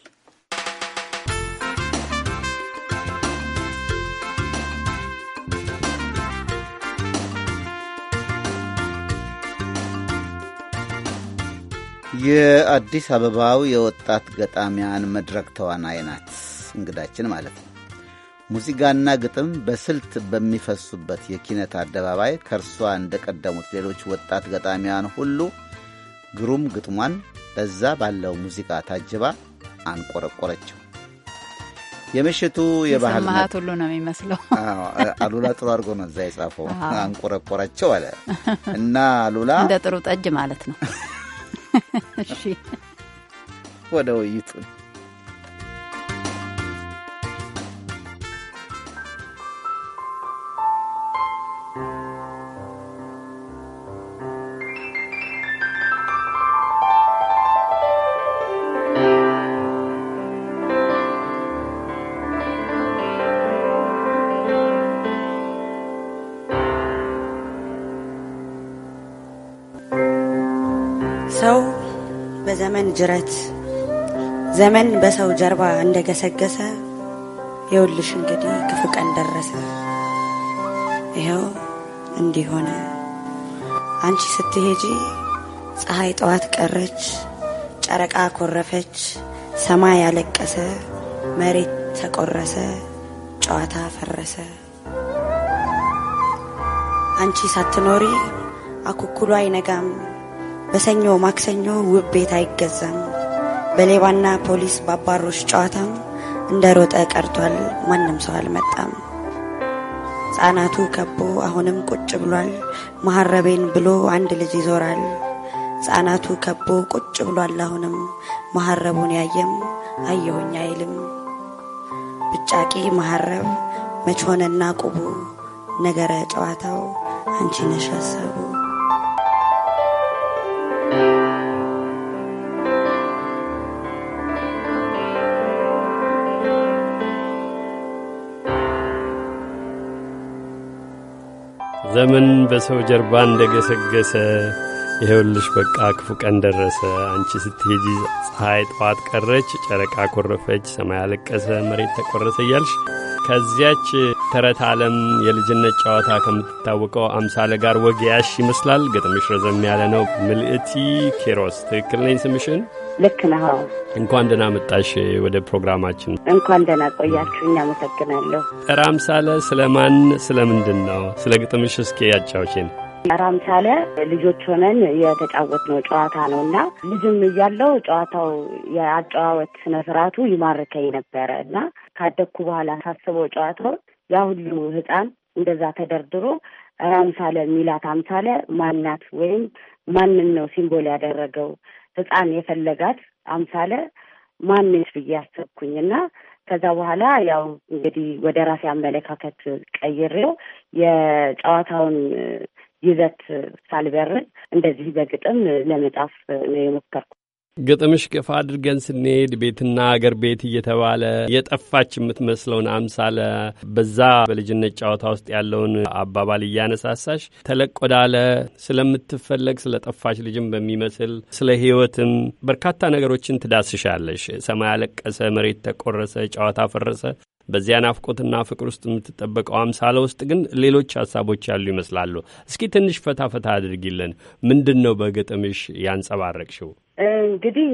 የአዲስ አበባው የወጣት ገጣሚያን መድረክ ተዋናይ ናት። እንግዳችን ማለት ነው። ሙዚቃና ግጥም በስልት በሚፈሱበት የኪነት አደባባይ ከእርሷ እንደቀደሙት ሌሎች ወጣት ገጣሚያን ሁሉ ግሩም ግጥሟን በዛ ባለው ሙዚቃ ታጅባ አንቆረቆረችው። የምሽቱ የባህል ሁሉ ነው የሚመስለው። አሉላ ጥሩ አድርጎ ነው እዛ የጻፈው። አንቆረቆረቸው አለ እና አሉላ እንደ ጥሩ ጠጅ ማለት ነው። እሺ ወደ ውይይቱ ጅረት ዘመን በሰው ጀርባ እንደገሰገሰ የውልሽ እንግዲህ ክፉ ቀን ደረሰ። ይኸው እንዲሆነ አንቺ ስትሄጂ ፀሐይ ጠዋት ቀረች፣ ጨረቃ ኮረፈች፣ ሰማይ ያለቀሰ፣ መሬት ተቆረሰ፣ ጨዋታ ፈረሰ። አንቺ ሳትኖሪ አኩኩሉ አይነጋም በሰኞ ማክሰኞ ውብ ቤት አይገዛም። በሌባና ፖሊስ ባባሮች ጨዋታም እንደ ሮጠ ቀርቷል። ማንም ሰው አልመጣም። ህፃናቱ ከቦ አሁንም ቁጭ ብሏል። መሐረቤን ብሎ አንድ ልጅ ይዞራል። ህፃናቱ ከቦ ቁጭ ብሏል። አሁንም መሐረቡን ያየም አየሁኝ አይልም። ብጫቂ መሐረብ መች ሆነና ቁቡ ነገረ ጨዋታው አንቺ ነሻሰቡ ዘመን በሰው ጀርባ እንደ ገሰገሰ ይኸውልሽ በቃ ክፉ ቀን ደረሰ። አንቺ ስትሄጂ ፀሐይ ጠዋት ቀረች፣ ጨረቃ ኮረፈች፣ ሰማይ አለቀሰ፣ መሬት ተቆረሰ እያልሽ ከዚያች ተረት ዓለም የልጅነት ጨዋታ ከምትታወቀው አምሳለ ጋር ወግያሽ ይመስላል። ግጥምሽ ረዘም ያለ ነው። ምልእቲ ኬሮስ ትክክል ነኝ ስምሽን? ልክ ነው። እንኳን ደህና መጣሽ ወደ ፕሮግራማችን። እንኳን ደህና ቆያችሁ። እኛ አመሰግናለሁ። ራምሳለ ስለ ማን ስለ ምንድን ነው? ስለ ግጥምሽ እስኪ ያጫውሽን። ራምሳለ ልጆች ሆነን የተጫወትነው ጨዋታ ነው እና ልጅም እያለው ጨዋታው የአጨዋወት ስነ ስርዓቱ ይማርከኝ ነበረ እና ካደግኩ በኋላ ሳስበው ጨዋታው ያ ሁሉ ህፃን እንደዛ ተደርድሮ ራምሳለ የሚላት አምሳለ ማናት ወይም ማንን ነው ሲምቦል ያደረገው ህፃን የፈለጋት አምሳለ ማንሽ ብዬ አሰብኩኝ እና ከዛ በኋላ ያው እንግዲህ ወደ ራሴ አመለካከት ቀይሬው የጨዋታውን ይዘት ሳልበርን እንደዚህ በግጥም ለመጻፍ ነው የሞከርኩ። ግጥምሽ ገፋ አድርገን ስንሄድ ቤትና አገር ቤት እየተባለ የጠፋች የምትመስለውን አምሳለ በዛ በልጅነት ጨዋታ ውስጥ ያለውን አባባል እያነሳሳሽ ተለቆዳለ ስለምትፈለግ ስለ ጠፋች ልጅም በሚመስል ስለ ሕይወትም በርካታ ነገሮችን ትዳስሻለሽ። ሰማይ አለቀሰ፣ መሬት ተቆረሰ፣ ጨዋታ ፈረሰ። በዚያ ናፍቆትና ፍቅር ውስጥ የምትጠበቀው አምሳለ ውስጥ ግን ሌሎች ሀሳቦች ያሉ ይመስላሉ። እስኪ ትንሽ ፈታ ፈታ አድርጊልን። ምንድን ነው በግጥምሽ ያንጸባረቅሽው? እንግዲህ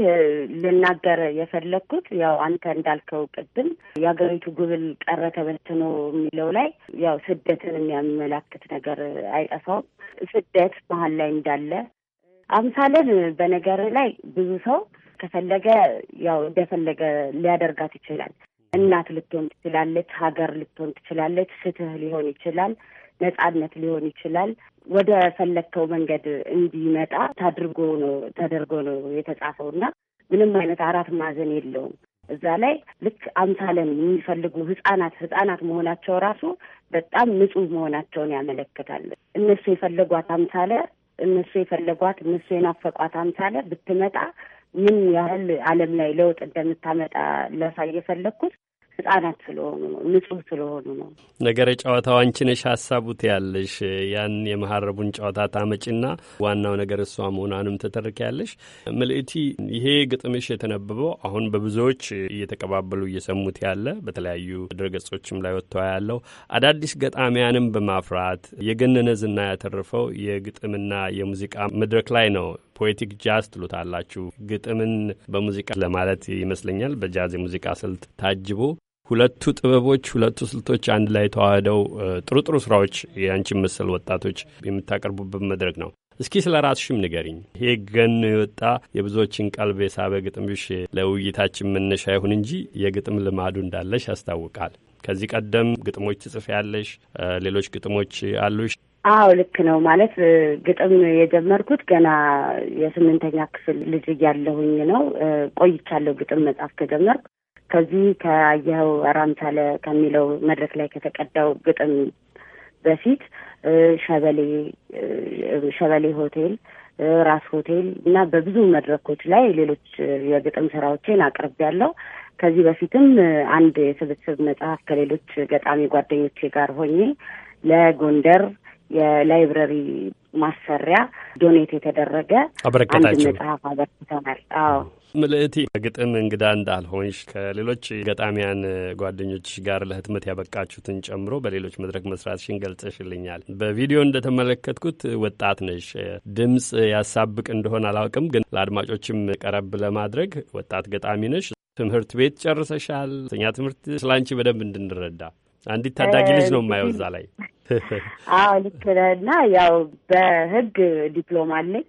ልናገር የፈለግኩት ያው አንተ እንዳልከው ቅድም የሀገሪቱ ጉብል ቀረ ተበትኖ የሚለው ላይ ያው ስደትን የሚያመላክት ነገር አይጠፋውም። ስደት መሀል ላይ እንዳለ አምሳለን በነገር ላይ ብዙ ሰው ከፈለገ ያው እንደፈለገ ሊያደርጋት ይችላል። እናት ልትሆን ትችላለች፣ ሀገር ልትሆን ትችላለች፣ ፍትህ ሊሆን ይችላል፣ ነጻነት ሊሆን ይችላል፣ ወደ ፈለግከው መንገድ እንዲመጣ ታድርጎ ነው ተደርጎ ነው የተጻፈው እና ምንም አይነት አራት ማዕዘን የለውም። እዛ ላይ ልክ አምሳለን የሚፈልጉ ህጻናት ህጻናት መሆናቸው ራሱ በጣም ንጹህ መሆናቸውን ያመለክታል። እነሱ የፈለጓት አምሳለ እነሱ የፈለጓት እነሱ የናፈቋት አምሳለ ብትመጣ ምን ያህል ዓለም ላይ ለውጥ እንደምታመጣ ላሳይ የፈለግኩት ህጻናት ስለሆኑ ነው፣ ንጹህ ስለሆኑ ነው። ነገረ ጨዋታው አንቺ ነሽ ሀሳቡ ያን የመሀረቡን ጨዋታ ታመጪና ዋናው ነገር እሷ መሆኗንም ተተርክ ያለሽ ምልእቲ። ይሄ ግጥምሽ የተነበበው አሁን በብዙዎች እየተቀባበሉ እየሰሙት ያለ በተለያዩ ድረገጾችም ላይ ወጥተዋ ያለው አዳዲስ ገጣሚያንም በማፍራት የገነነ ዝና ያተረፈው የግጥምና የሙዚቃ መድረክ ላይ ነው። ፖኤቲክ ጃዝ ትሉታላችሁ። ግጥምን በሙዚቃ ለማለት ይመስለኛል በጃዝ የሙዚቃ ስልት ታጅቦ ሁለቱ ጥበቦች ሁለቱ ስልቶች አንድ ላይ ተዋህደው ጥሩ ጥሩ ስራዎች የአንቺን መሰል ወጣቶች የምታቀርቡበት መድረክ ነው። እስኪ ስለ ራስሽም ንገሪኝ። ይሄ ገኖ የወጣ የብዙዎችን ቀልብ የሳበ ግጥምሽ ለውይይታችን መነሻ ይሁን እንጂ የግጥም ልማዱ እንዳለሽ ያስታውቃል። ከዚህ ቀደም ግጥሞች ትጽፊያለሽ፣ ሌሎች ግጥሞች አሉሽ? አዎ ልክ ነው። ማለት ግጥም የጀመርኩት ገና የስምንተኛ ክፍል ልጅ እያለሁኝ ነው። ቆይቻለሁ ግጥም መጽሐፍ ከጀመርኩ ከዚህ ከአየኸው አራምሳለ ከሚለው መድረክ ላይ ከተቀዳው ግጥም በፊት ሸበሌ ሸበሌ ሆቴል፣ ራስ ሆቴል እና በብዙ መድረኮች ላይ ሌሎች የግጥም ስራዎችን አቅርብ ያለው ከዚህ በፊትም አንድ የስብስብ መጽሐፍ ከሌሎች ገጣሚ ጓደኞቼ ጋር ሆኜ ለጎንደር የላይብረሪ ማሰሪያ ዶኔት የተደረገ አንድ መጽሐፍ አበርክተናል። አዎ ምልእቲ ግጥም እንግዳ እንዳልሆንሽ ከሌሎች ገጣሚያን ጓደኞች ጋር ለህትመት ያበቃችሁትን ጨምሮ በሌሎች መድረክ መስራትሽን ገልጸሽልኛል። በቪዲዮ እንደተመለከትኩት ወጣት ነሽ። ድምፅ ያሳብቅ እንደሆን አላውቅም፣ ግን ለአድማጮችም ቀረብ ለማድረግ ወጣት ገጣሚ ነሽ። ትምህርት ቤት ጨርሰሻል። ተኛ ትምህርት ስላንቺ በደንብ እንድንረዳ አንዲት ታዳጊ ልጅ ነው የማየው እዛ ላይ አዎ ልክ እና ያው በህግ ዲፕሎማ አለኝ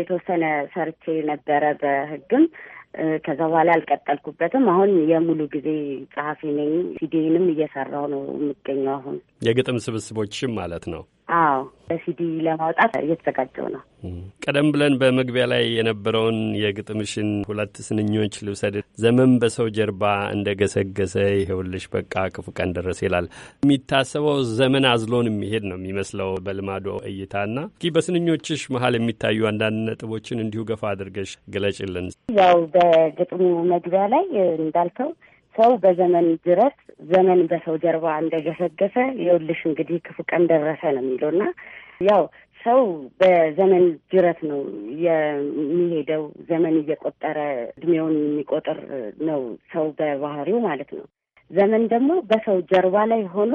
የተወሰነ ሰርቼ ነበረ በህግም ከዛ በኋላ አልቀጠልኩበትም። አሁን የሙሉ ጊዜ ጸሐፊ ነኝ። ሲዲንም እየሰራው ነው የምገኘው። አሁን የግጥም ስብስቦችም ማለት ነው አዎ በሲዲ ለማውጣት እየተዘጋጀው ነው። ቀደም ብለን በመግቢያ ላይ የነበረውን የግጥምሽን ሁለት ስንኞች ልውሰድ። ዘመን በሰው ጀርባ እንደ ገሰገሰ ይኸውልሽ በቃ ክፉ ቀን ደረሰ ይላል። የሚታሰበው ዘመን አዝሎን የሚሄድ ነው የሚመስለው በልማዶ እይታና እስኪ በስንኞችሽ መሀል የሚታዩ አንዳንድ ነጥቦችን እንዲሁ ገፋ አድርገሽ ገለጭልን። ያው በግጥሙ መግቢያ ላይ እንዳልከው ሰው በዘመን ጅረት ዘመን በሰው ጀርባ እንደገሰገሰ የውልሽ እንግዲህ ክፉ ቀን ደረሰ ነው የሚለው እና ያው ሰው በዘመን ጅረት ነው የሚሄደው። ዘመን እየቆጠረ እድሜውን የሚቆጥር ነው ሰው በባህሪው ማለት ነው። ዘመን ደግሞ በሰው ጀርባ ላይ ሆኖ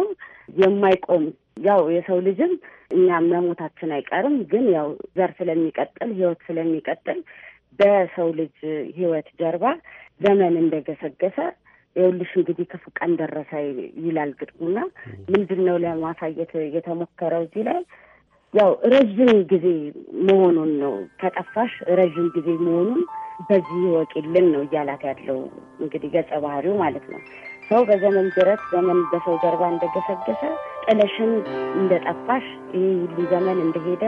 የማይቆም ያው የሰው ልጅም እኛም መሞታችን አይቀርም፣ ግን ያው ዘር ስለሚቀጥል ህይወት ስለሚቀጥል በሰው ልጅ ህይወት ጀርባ ዘመን እንደገሰገሰ ይኸውልሽ እንግዲህ ክፉ ቀን ደረሰ ይላል ግጥሙና ምንድን ነው ለማሳየት የተሞከረው እዚህ ላይ ያው ረዥም ጊዜ መሆኑን ነው። ከጠፋሽ ረዥም ጊዜ መሆኑን በዚህ ወቂልን ነው እያላት ያለው እንግዲህ ገጸ ባህሪው ማለት ነው። ሰው በዘመን ጅረት ዘመን በሰው ጀርባ እንደገሰገሰ ጥለሽን እንደጠፋሽ ይህ ሁሉ ዘመን እንደሄደ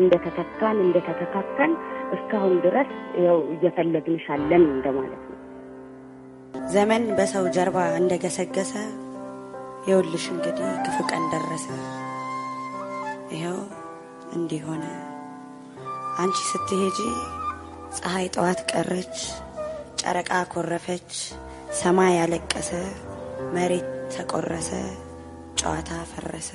እንደተተካን እንደተተካከን እስካሁን ድረስ ያው እየፈለግንሻለን እንደማለት ነው። ዘመን በሰው ጀርባ እንደገሰገሰ የውልሽ እንግዲህ ክፉ ቀን ደረሰ። ይኸው እንዲህ ሆነ። አንቺ ስትሄጂ ፀሐይ ጠዋት ቀረች፣ ጨረቃ ኮረፈች፣ ሰማይ ያለቀሰ፣ መሬት ተቆረሰ፣ ጨዋታ ፈረሰ።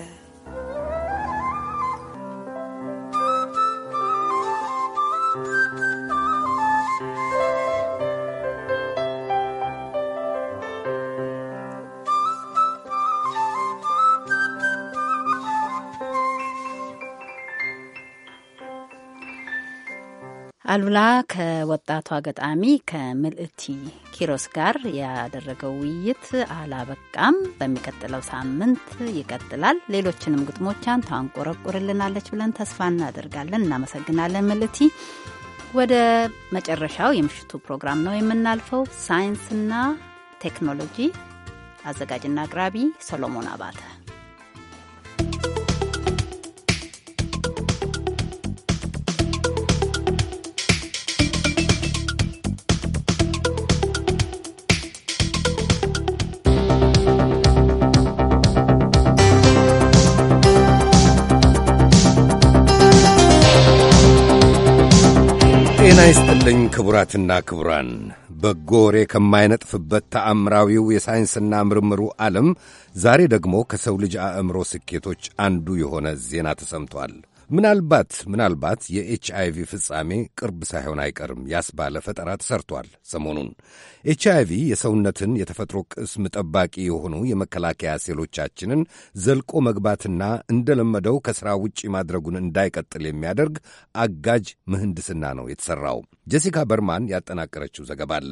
አሉላ ከወጣቷ ገጣሚ ከምልእቲ ኪሮስ ጋር ያደረገው ውይይት አላበቃም። በሚቀጥለው ሳምንት ይቀጥላል። ሌሎችንም ግጥሞቿን ታንቆረቁርልናለች ብለን ተስፋ እናደርጋለን። እናመሰግናለን ምልእቲ። ወደ መጨረሻው የምሽቱ ፕሮግራም ነው የምናልፈው። ሳይንስና ቴክኖሎጂ አዘጋጅና አቅራቢ ሰሎሞን አባተ ጤና ይስጥልኝ ክቡራትና ክቡራን። በጎሬ ከማይነጥፍበት ተአምራዊው የሳይንስና ምርምሩ ዓለም ዛሬ ደግሞ ከሰው ልጅ አእምሮ ስኬቶች አንዱ የሆነ ዜና ተሰምቷል። ምናልባት ምናልባት የኤች አይቪ ፍጻሜ ቅርብ ሳይሆን አይቀርም ያስባለ ፈጠራ ተሰርቷል። ሰሞኑን ኤች አይቪ የሰውነትን የተፈጥሮ ቅስም ጠባቂ የሆኑ የመከላከያ ሴሎቻችንን ዘልቆ መግባትና እንደለመደው ከሥራ ውጪ ማድረጉን እንዳይቀጥል የሚያደርግ አጋጅ ምህንድስና ነው የተሠራው። ጀሲካ በርማን ያጠናቀረችው ዘገባ አለ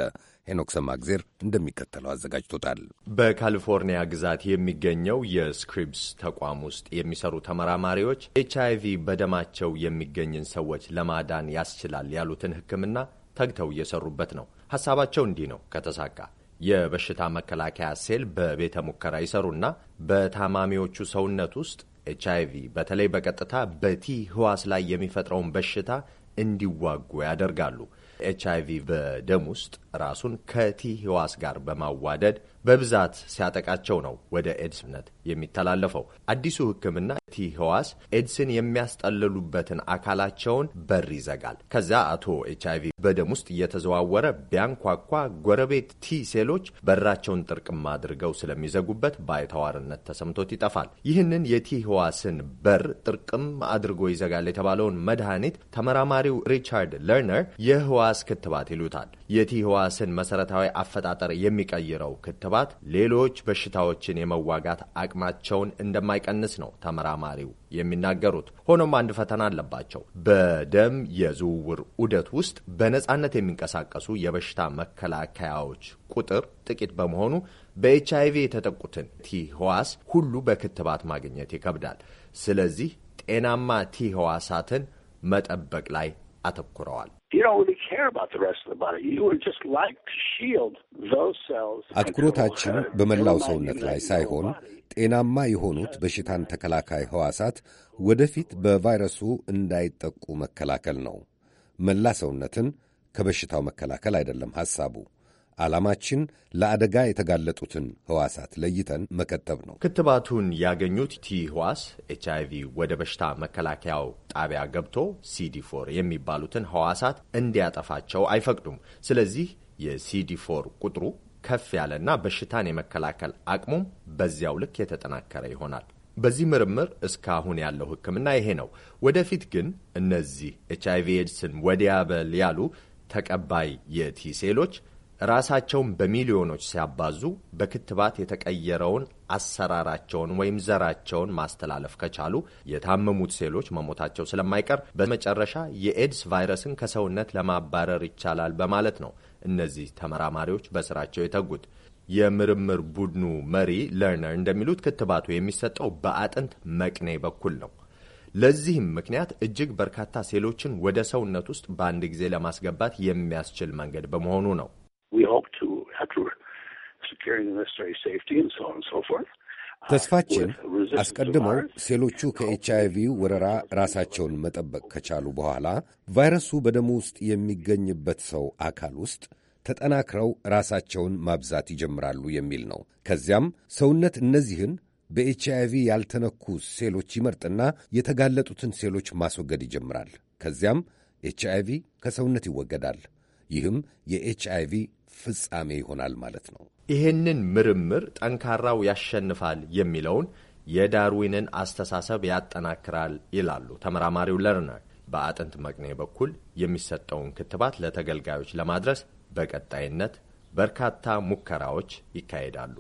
ሄኖክ ሰማግዜር እንደሚከተለው አዘጋጅቶታል። በካሊፎርኒያ ግዛት የሚገኘው የስክሪፕስ ተቋም ውስጥ የሚሰሩ ተመራማሪዎች ኤች አይቪ በደማቸው የሚገኝን ሰዎች ለማዳን ያስችላል ያሉትን ሕክምና ተግተው እየሰሩበት ነው። ሀሳባቸው እንዲህ ነው። ከተሳካ የበሽታ መከላከያ ሴል በቤተ ሙከራ ይሰሩና በታማሚዎቹ ሰውነት ውስጥ ኤች አይቪ በተለይ በቀጥታ በቲ ህዋስ ላይ የሚፈጥረውን በሽታ እንዲዋጉ ያደርጋሉ። ኤች አይቪ በደም ውስጥ ራሱን ከቲ ህዋስ ጋር በማዋደድ በብዛት ሲያጠቃቸው ነው ወደ ኤድስነት የሚተላለፈው። አዲሱ ሕክምና ቲ ህዋስ ኤድስን የሚያስጠልሉበትን አካላቸውን በር ይዘጋል። ከዚያ አቶ ኤች አይቪ በደም ውስጥ እየተዘዋወረ ቢያንኳኳ ጎረቤት ቲ ሴሎች በራቸውን ጥርቅም አድርገው ስለሚዘጉበት ባይተዋርነት ተሰምቶት ይጠፋል። ይህንን የቲ ህዋስን በር ጥርቅም አድርጎ ይዘጋል የተባለውን መድኃኒት ተመራማሪው ሪቻርድ ለርነር የህዋስ ክትባት ይሉታል። የቲ ህዋስን መሰረታዊ አፈጣጠር የሚቀይረው ክትባት ሌሎች በሽታዎችን የመዋጋት አቅም አቅማቸውን እንደማይቀንስ ነው ተመራማሪው የሚናገሩት። ሆኖም አንድ ፈተና አለባቸው። በደም የዝውውር ዑደት ውስጥ በነጻነት የሚንቀሳቀሱ የበሽታ መከላከያዎች ቁጥር ጥቂት በመሆኑ በኤች አይ ቪ የተጠቁትን ቲ ህዋስ ሁሉ በክትባት ማግኘት ይከብዳል። ስለዚህ ጤናማ ቲ ህዋሳትን መጠበቅ ላይ አተኩረዋል። አትኩሮታችን በመላው ሰውነት ላይ ሳይሆን ጤናማ የሆኑት በሽታን ተከላካይ ሕዋሳት ወደፊት በቫይረሱ እንዳይጠቁ መከላከል ነው። መላ ሰውነትን ከበሽታው መከላከል አይደለም ሐሳቡ። ዓላማችን ለአደጋ የተጋለጡትን ህዋሳት ለይተን መከተብ ነው። ክትባቱን ያገኙት ቲ ህዋስ ኤች አይቪ ወደ በሽታ መከላከያው ጣቢያ ገብቶ ሲዲ ፎር የሚባሉትን ህዋሳት እንዲያጠፋቸው አይፈቅዱም። ስለዚህ የሲዲ ፎር ቁጥሩ ከፍ ያለና በሽታን የመከላከል አቅሙም በዚያው ልክ የተጠናከረ ይሆናል። በዚህ ምርምር እስካሁን ያለው ህክምና ይሄ ነው። ወደፊት ግን እነዚህ ኤች አይቪ ኤድስን ወዲያበል ያሉ ተቀባይ የቲ ሴሎች ራሳቸውን በሚሊዮኖች ሲያባዙ በክትባት የተቀየረውን አሰራራቸውን ወይም ዘራቸውን ማስተላለፍ ከቻሉ የታመሙት ሴሎች መሞታቸው ስለማይቀር በመጨረሻ የኤድስ ቫይረስን ከሰውነት ለማባረር ይቻላል በማለት ነው እነዚህ ተመራማሪዎች በስራቸው የተጉት። የምርምር ቡድኑ መሪ ለርነር እንደሚሉት ክትባቱ የሚሰጠው በአጥንት መቅኔ በኩል ነው። ለዚህም ምክንያት እጅግ በርካታ ሴሎችን ወደ ሰውነት ውስጥ በአንድ ጊዜ ለማስገባት የሚያስችል መንገድ በመሆኑ ነው። Uh, ተስፋችን አስቀድመው ሴሎቹ ከኤች አይ ቪ ወረራ ራሳቸውን መጠበቅ ከቻሉ በኋላ ቫይረሱ በደሙ ውስጥ የሚገኝበት ሰው አካል ውስጥ ተጠናክረው ራሳቸውን ማብዛት ይጀምራሉ የሚል ነው። ከዚያም ሰውነት እነዚህን በኤች አይ ቪ ያልተነኩ ሴሎች ይመርጥና የተጋለጡትን ሴሎች ማስወገድ ይጀምራል። ከዚያም ኤች አይ ቪ ከሰውነት ይወገዳል። ይህም የኤች አይ ቪ ፍጻሜ ይሆናል ማለት ነው። ይህንን ምርምር ጠንካራው ያሸንፋል የሚለውን የዳርዊንን አስተሳሰብ ያጠናክራል ይላሉ ተመራማሪው ለርነር። በአጥንት መቅኔ በኩል የሚሰጠውን ክትባት ለተገልጋዮች ለማድረስ በቀጣይነት በርካታ ሙከራዎች ይካሄዳሉ።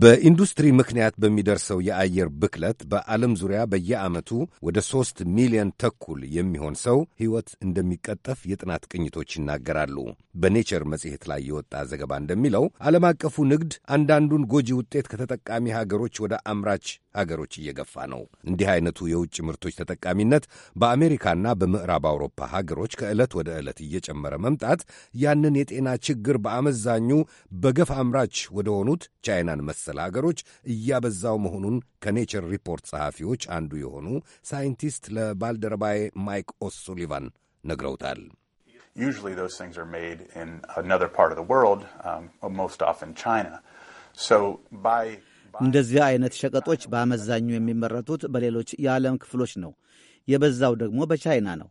በኢንዱስትሪ ምክንያት በሚደርሰው የአየር ብክለት በዓለም ዙሪያ በየዓመቱ ወደ ሦስት ሚሊዮን ተኩል የሚሆን ሰው ሕይወት እንደሚቀጠፍ የጥናት ቅኝቶች ይናገራሉ። በኔቸር መጽሔት ላይ የወጣ ዘገባ እንደሚለው ዓለም አቀፉ ንግድ አንዳንዱን ጎጂ ውጤት ከተጠቃሚ ሀገሮች ወደ አምራች ሀገሮች እየገፋ ነው። እንዲህ አይነቱ የውጭ ምርቶች ተጠቃሚነት በአሜሪካና በምዕራብ አውሮፓ ሀገሮች ከዕለት ወደ ዕለት እየጨመረ መምጣት ያንን የጤና ችግር በአመዛኙ በገፍ አምራች ወደ ሆኑት ቻይናን መስ መሰል አገሮች እያበዛው መሆኑን ከኔቸር ሪፖርት ጸሐፊዎች አንዱ የሆኑ ሳይንቲስት ለባልደረባዬ ማይክ ኦሱሊቫን ነግረውታል። እንደዚህ አይነት ሸቀጦች በአመዛኙ የሚመረቱት በሌሎች የዓለም ክፍሎች ነው። የበዛው ደግሞ በቻይና ነው።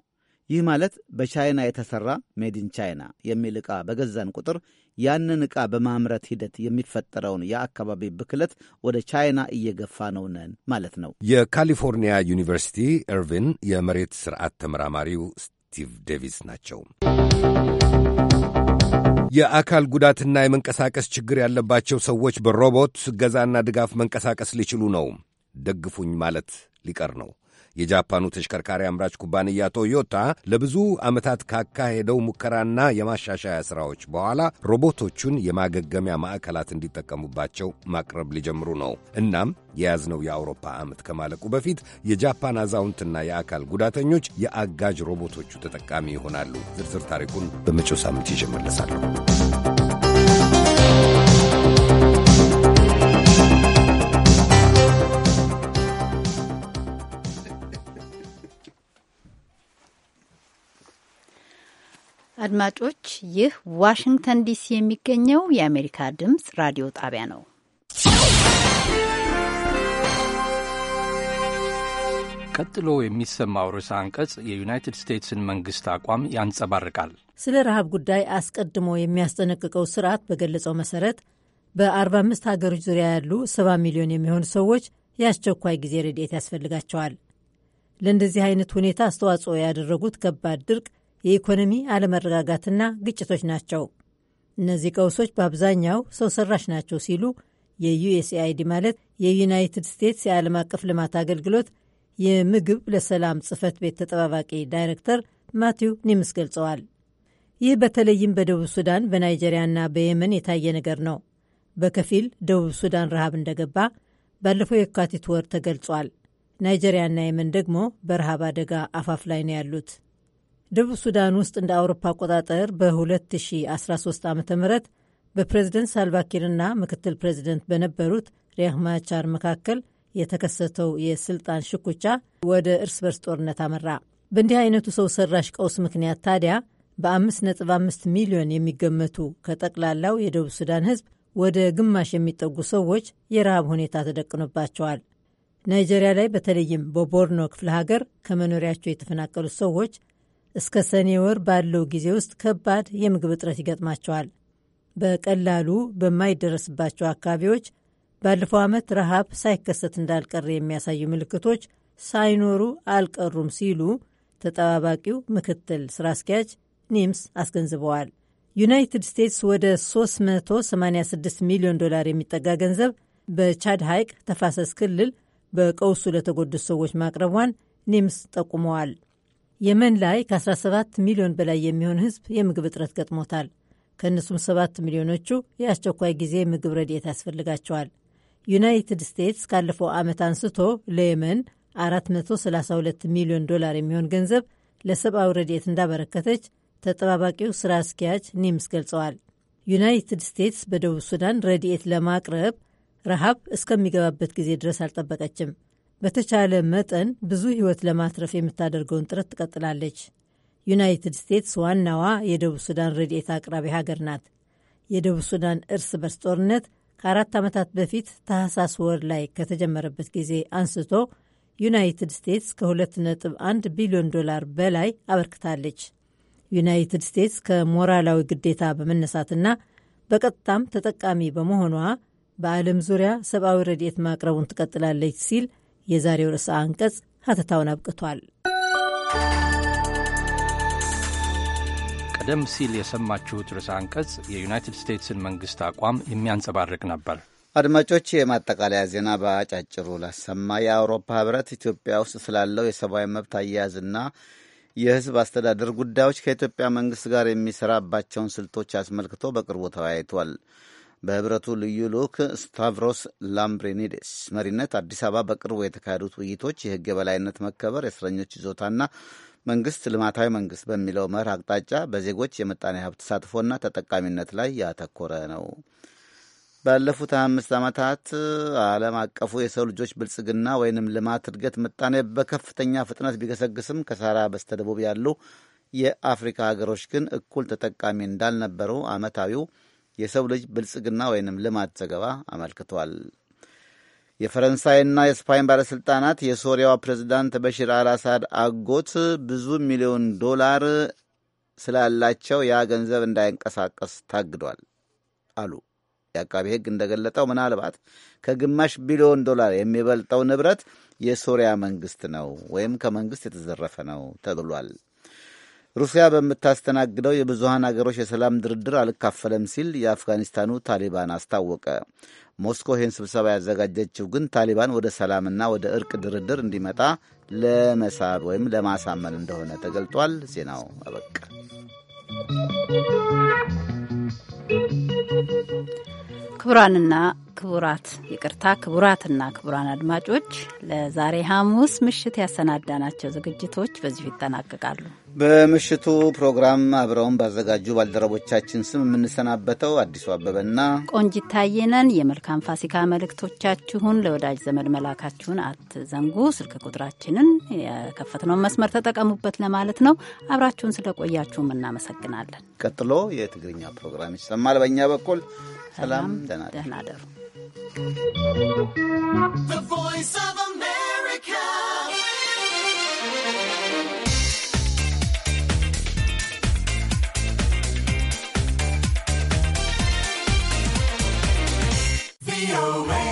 ይህ ማለት በቻይና የተሠራ ሜድን ቻይና የሚል ዕቃ በገዛን ቁጥር ያንን ዕቃ በማምረት ሂደት የሚፈጠረውን የአካባቢ ብክለት ወደ ቻይና እየገፋ ነው ነን ማለት ነው። የካሊፎርኒያ ዩኒቨርሲቲ ኢርቪን የመሬት ስርዓት ተመራማሪው ስቲቭ ዴቪስ ናቸው። የአካል ጉዳትና የመንቀሳቀስ ችግር ያለባቸው ሰዎች በሮቦት ገዛና ድጋፍ መንቀሳቀስ ሊችሉ ነው። ደግፉኝ ማለት ሊቀር ነው። የጃፓኑ ተሽከርካሪ አምራች ኩባንያ ቶዮታ ለብዙ ዓመታት ካካሄደው ሙከራና የማሻሻያ ሥራዎች በኋላ ሮቦቶቹን የማገገሚያ ማዕከላት እንዲጠቀሙባቸው ማቅረብ ሊጀምሩ ነው። እናም የያዝነው የአውሮፓ ዓመት ከማለቁ በፊት የጃፓን አዛውንትና የአካል ጉዳተኞች የአጋዥ ሮቦቶቹ ተጠቃሚ ይሆናሉ። ዝርዝር ታሪኩን በመጪው ሳምንት ይዤ እመለሳለሁ። አድማጮች፣ ይህ ዋሽንግተን ዲሲ የሚገኘው የአሜሪካ ድምፅ ራዲዮ ጣቢያ ነው። ቀጥሎ የሚሰማው ርዕሰ አንቀጽ የዩናይትድ ስቴትስን መንግስት አቋም ያንጸባርቃል። ስለ ረሃብ ጉዳይ አስቀድሞ የሚያስጠነቅቀው ስርዓት በገለጸው መሰረት በ45 ሀገሮች ዙሪያ ያሉ 70 ሚሊዮን የሚሆኑ ሰዎች የአስቸኳይ ጊዜ ረድኤት ያስፈልጋቸዋል። ለእንደዚህ አይነት ሁኔታ አስተዋጽኦ ያደረጉት ከባድ ድርቅ የኢኮኖሚ አለመረጋጋትና ግጭቶች ናቸው። እነዚህ ቀውሶች በአብዛኛው ሰው ሰራሽ ናቸው ሲሉ የዩኤስኤአይዲ ማለት የዩናይትድ ስቴትስ የዓለም አቀፍ ልማት አገልግሎት የምግብ ለሰላም ጽህፈት ቤት ተጠባባቂ ዳይሬክተር ማቲው ኒምስ ገልጸዋል። ይህ በተለይም በደቡብ ሱዳን፣ በናይጄሪያና በየመን የታየ ነገር ነው። በከፊል ደቡብ ሱዳን ረሃብ እንደገባ ባለፈው የካቲት ወር ተገልጿል። ናይጄሪያና የመን ደግሞ በረሃብ አደጋ አፋፍ ላይ ነው ያሉት። ደቡብ ሱዳን ውስጥ እንደ አውሮፓ አቆጣጠር በ2013 ዓ ም በፕሬዝደንት ሳልቫኪርና ምክትል ፕሬዝደንት በነበሩት ሪያህ ማቻር መካከል የተከሰተው የስልጣን ሽኩቻ ወደ እርስ በርስ ጦርነት አመራ። በእንዲህ አይነቱ ሰው ሰራሽ ቀውስ ምክንያት ታዲያ በ5.5 ሚሊዮን የሚገመቱ ከጠቅላላው የደቡብ ሱዳን ህዝብ ወደ ግማሽ የሚጠጉ ሰዎች የረሃብ ሁኔታ ተደቅኖባቸዋል። ናይጄሪያ ላይ በተለይም በቦርኖ ክፍለ ሀገር ከመኖሪያቸው የተፈናቀሉት ሰዎች እስከ ሰኔ ወር ባለው ጊዜ ውስጥ ከባድ የምግብ እጥረት ይገጥማቸዋል። በቀላሉ በማይደረስባቸው አካባቢዎች ባለፈው ዓመት ረሃብ ሳይከሰት እንዳልቀረ የሚያሳዩ ምልክቶች ሳይኖሩ አልቀሩም ሲሉ ተጠባባቂው ምክትል ስራ አስኪያጅ ኒምስ አስገንዝበዋል። ዩናይትድ ስቴትስ ወደ 386 ሚሊዮን ዶላር የሚጠጋ ገንዘብ በቻድ ሐይቅ ተፋሰስ ክልል በቀውሱ ለተጎዱት ሰዎች ማቅረቧን ኒምስ ጠቁመዋል። የመን ላይ ከ17 ሚሊዮን በላይ የሚሆን ህዝብ የምግብ እጥረት ገጥሞታል። ከእነሱም 7 ሚሊዮኖቹ የአስቸኳይ ጊዜ ምግብ ረድኤት ያስፈልጋቸዋል። ዩናይትድ ስቴትስ ካለፈው ዓመት አንስቶ ለየመን 432 ሚሊዮን ዶላር የሚሆን ገንዘብ ለሰብአዊ ረድኤት እንዳበረከተች ተጠባባቂው ስራ አስኪያጅ ኒምስ ገልጸዋል። ዩናይትድ ስቴትስ በደቡብ ሱዳን ረድኤት ለማቅረብ ረሃብ እስከሚገባበት ጊዜ ድረስ አልጠበቀችም። በተቻለ መጠን ብዙ ሕይወት ለማትረፍ የምታደርገውን ጥረት ትቀጥላለች። ዩናይትድ ስቴትስ ዋናዋ የደቡብ ሱዳን ረድኤት አቅራቢ ሀገር ናት። የደቡብ ሱዳን እርስ በርስ ጦርነት ከአራት ዓመታት በፊት ታህሳስ ወር ላይ ከተጀመረበት ጊዜ አንስቶ ዩናይትድ ስቴትስ ከ2.1 ቢሊዮን ዶላር በላይ አበርክታለች። ዩናይትድ ስቴትስ ከሞራላዊ ግዴታ በመነሳትና በቀጥታም ተጠቃሚ በመሆኗ በዓለም ዙሪያ ሰብአዊ ረድኤት ማቅረቡን ትቀጥላለች ሲል የዛሬው ርዕሰ አንቀጽ ሀተታውን አብቅቷል። ቀደም ሲል የሰማችሁት ርዕሰ አንቀጽ የዩናይትድ ስቴትስን መንግስት አቋም የሚያንጸባርቅ ነበር። አድማጮች፣ የማጠቃለያ ዜና በአጫጭሩ ላሰማ። የአውሮፓ ህብረት ኢትዮጵያ ውስጥ ስላለው የሰብአዊ መብት አያያዝና የህዝብ አስተዳደር ጉዳዮች ከኢትዮጵያ መንግስት ጋር የሚሰራባቸውን ስልቶች አስመልክቶ በቅርቡ ተወያይቷል። በህብረቱ ልዩ ልዑክ ስታቭሮስ ላምብሬኒዴስ መሪነት አዲስ አበባ በቅርቡ የተካሄዱት ውይይቶች የህግ የበላይነት መከበር፣ የእስረኞች ይዞታና መንግስት ልማታዊ መንግስት በሚለው መርህ አቅጣጫ በዜጎች የምጣኔ ሀብት ተሳትፎና ተጠቃሚነት ላይ ያተኮረ ነው። ባለፉት ሀያ አምስት ዓመታት ዓለም አቀፉ የሰው ልጆች ብልጽግና ወይንም ልማት እድገት ምጣኔ በከፍተኛ ፍጥነት ቢገሰግስም ከሳራ በስተደቡብ ያሉ የአፍሪካ ሀገሮች ግን እኩል ተጠቃሚ እንዳልነበሩ ዓመታዊው የሰው ልጅ ብልጽግና ወይንም ልማት ዘገባ አመልክቷል። የፈረንሳይና የስፓኝ ባለሥልጣናት የሶሪያዋ ፕሬዚዳንት በሽር አልአሳድ አጎት ብዙ ሚሊዮን ዶላር ስላላቸው ያ ገንዘብ እንዳይንቀሳቀስ ታግዷል አሉ። የአቃቢ ሕግ እንደገለጠው ምናልባት ከግማሽ ቢሊዮን ዶላር የሚበልጠው ንብረት የሶሪያ መንግስት ነው ወይም ከመንግስት የተዘረፈ ነው ተብሏል። ሩሲያ በምታስተናግደው የብዙሀን አገሮች የሰላም ድርድር አልካፈለም ሲል የአፍጋኒስታኑ ታሊባን አስታወቀ። ሞስኮ ይህን ስብሰባ ያዘጋጀችው ግን ታሊባን ወደ ሰላምና ወደ እርቅ ድርድር እንዲመጣ ለመሳብ ወይም ለማሳመን እንደሆነ ተገልጧል። ዜናው አበቃ። ክቡራንና ክቡራት ይቅርታ፣ ክቡራትና ክቡራን አድማጮች ለዛሬ ሐሙስ ምሽት ያሰናዳናቸው ዝግጅቶች በዚሁ ይጠናቀቃሉ። በምሽቱ ፕሮግራም አብረውን ባዘጋጁ ባልደረቦቻችን ስም የምንሰናበተው አዲሱ አበበና ቆንጂት ታየ የመልካም ፋሲካ መልእክቶቻችሁን ለወዳጅ ዘመድ መላካችሁን አትዘንጉ። ስልክ ቁጥራችንን የከፈትነውን መስመር ተጠቀሙበት ለማለት ነው። አብራችሁን ስለቆያችሁም እናመሰግናለን። ቀጥሎ የትግርኛ ፕሮግራም ይሰማል። በእኛ በኩል ሰላም፣ ደህና ደሩ። ቮይስ ኦፍ አሜሪካ ቪኦኤ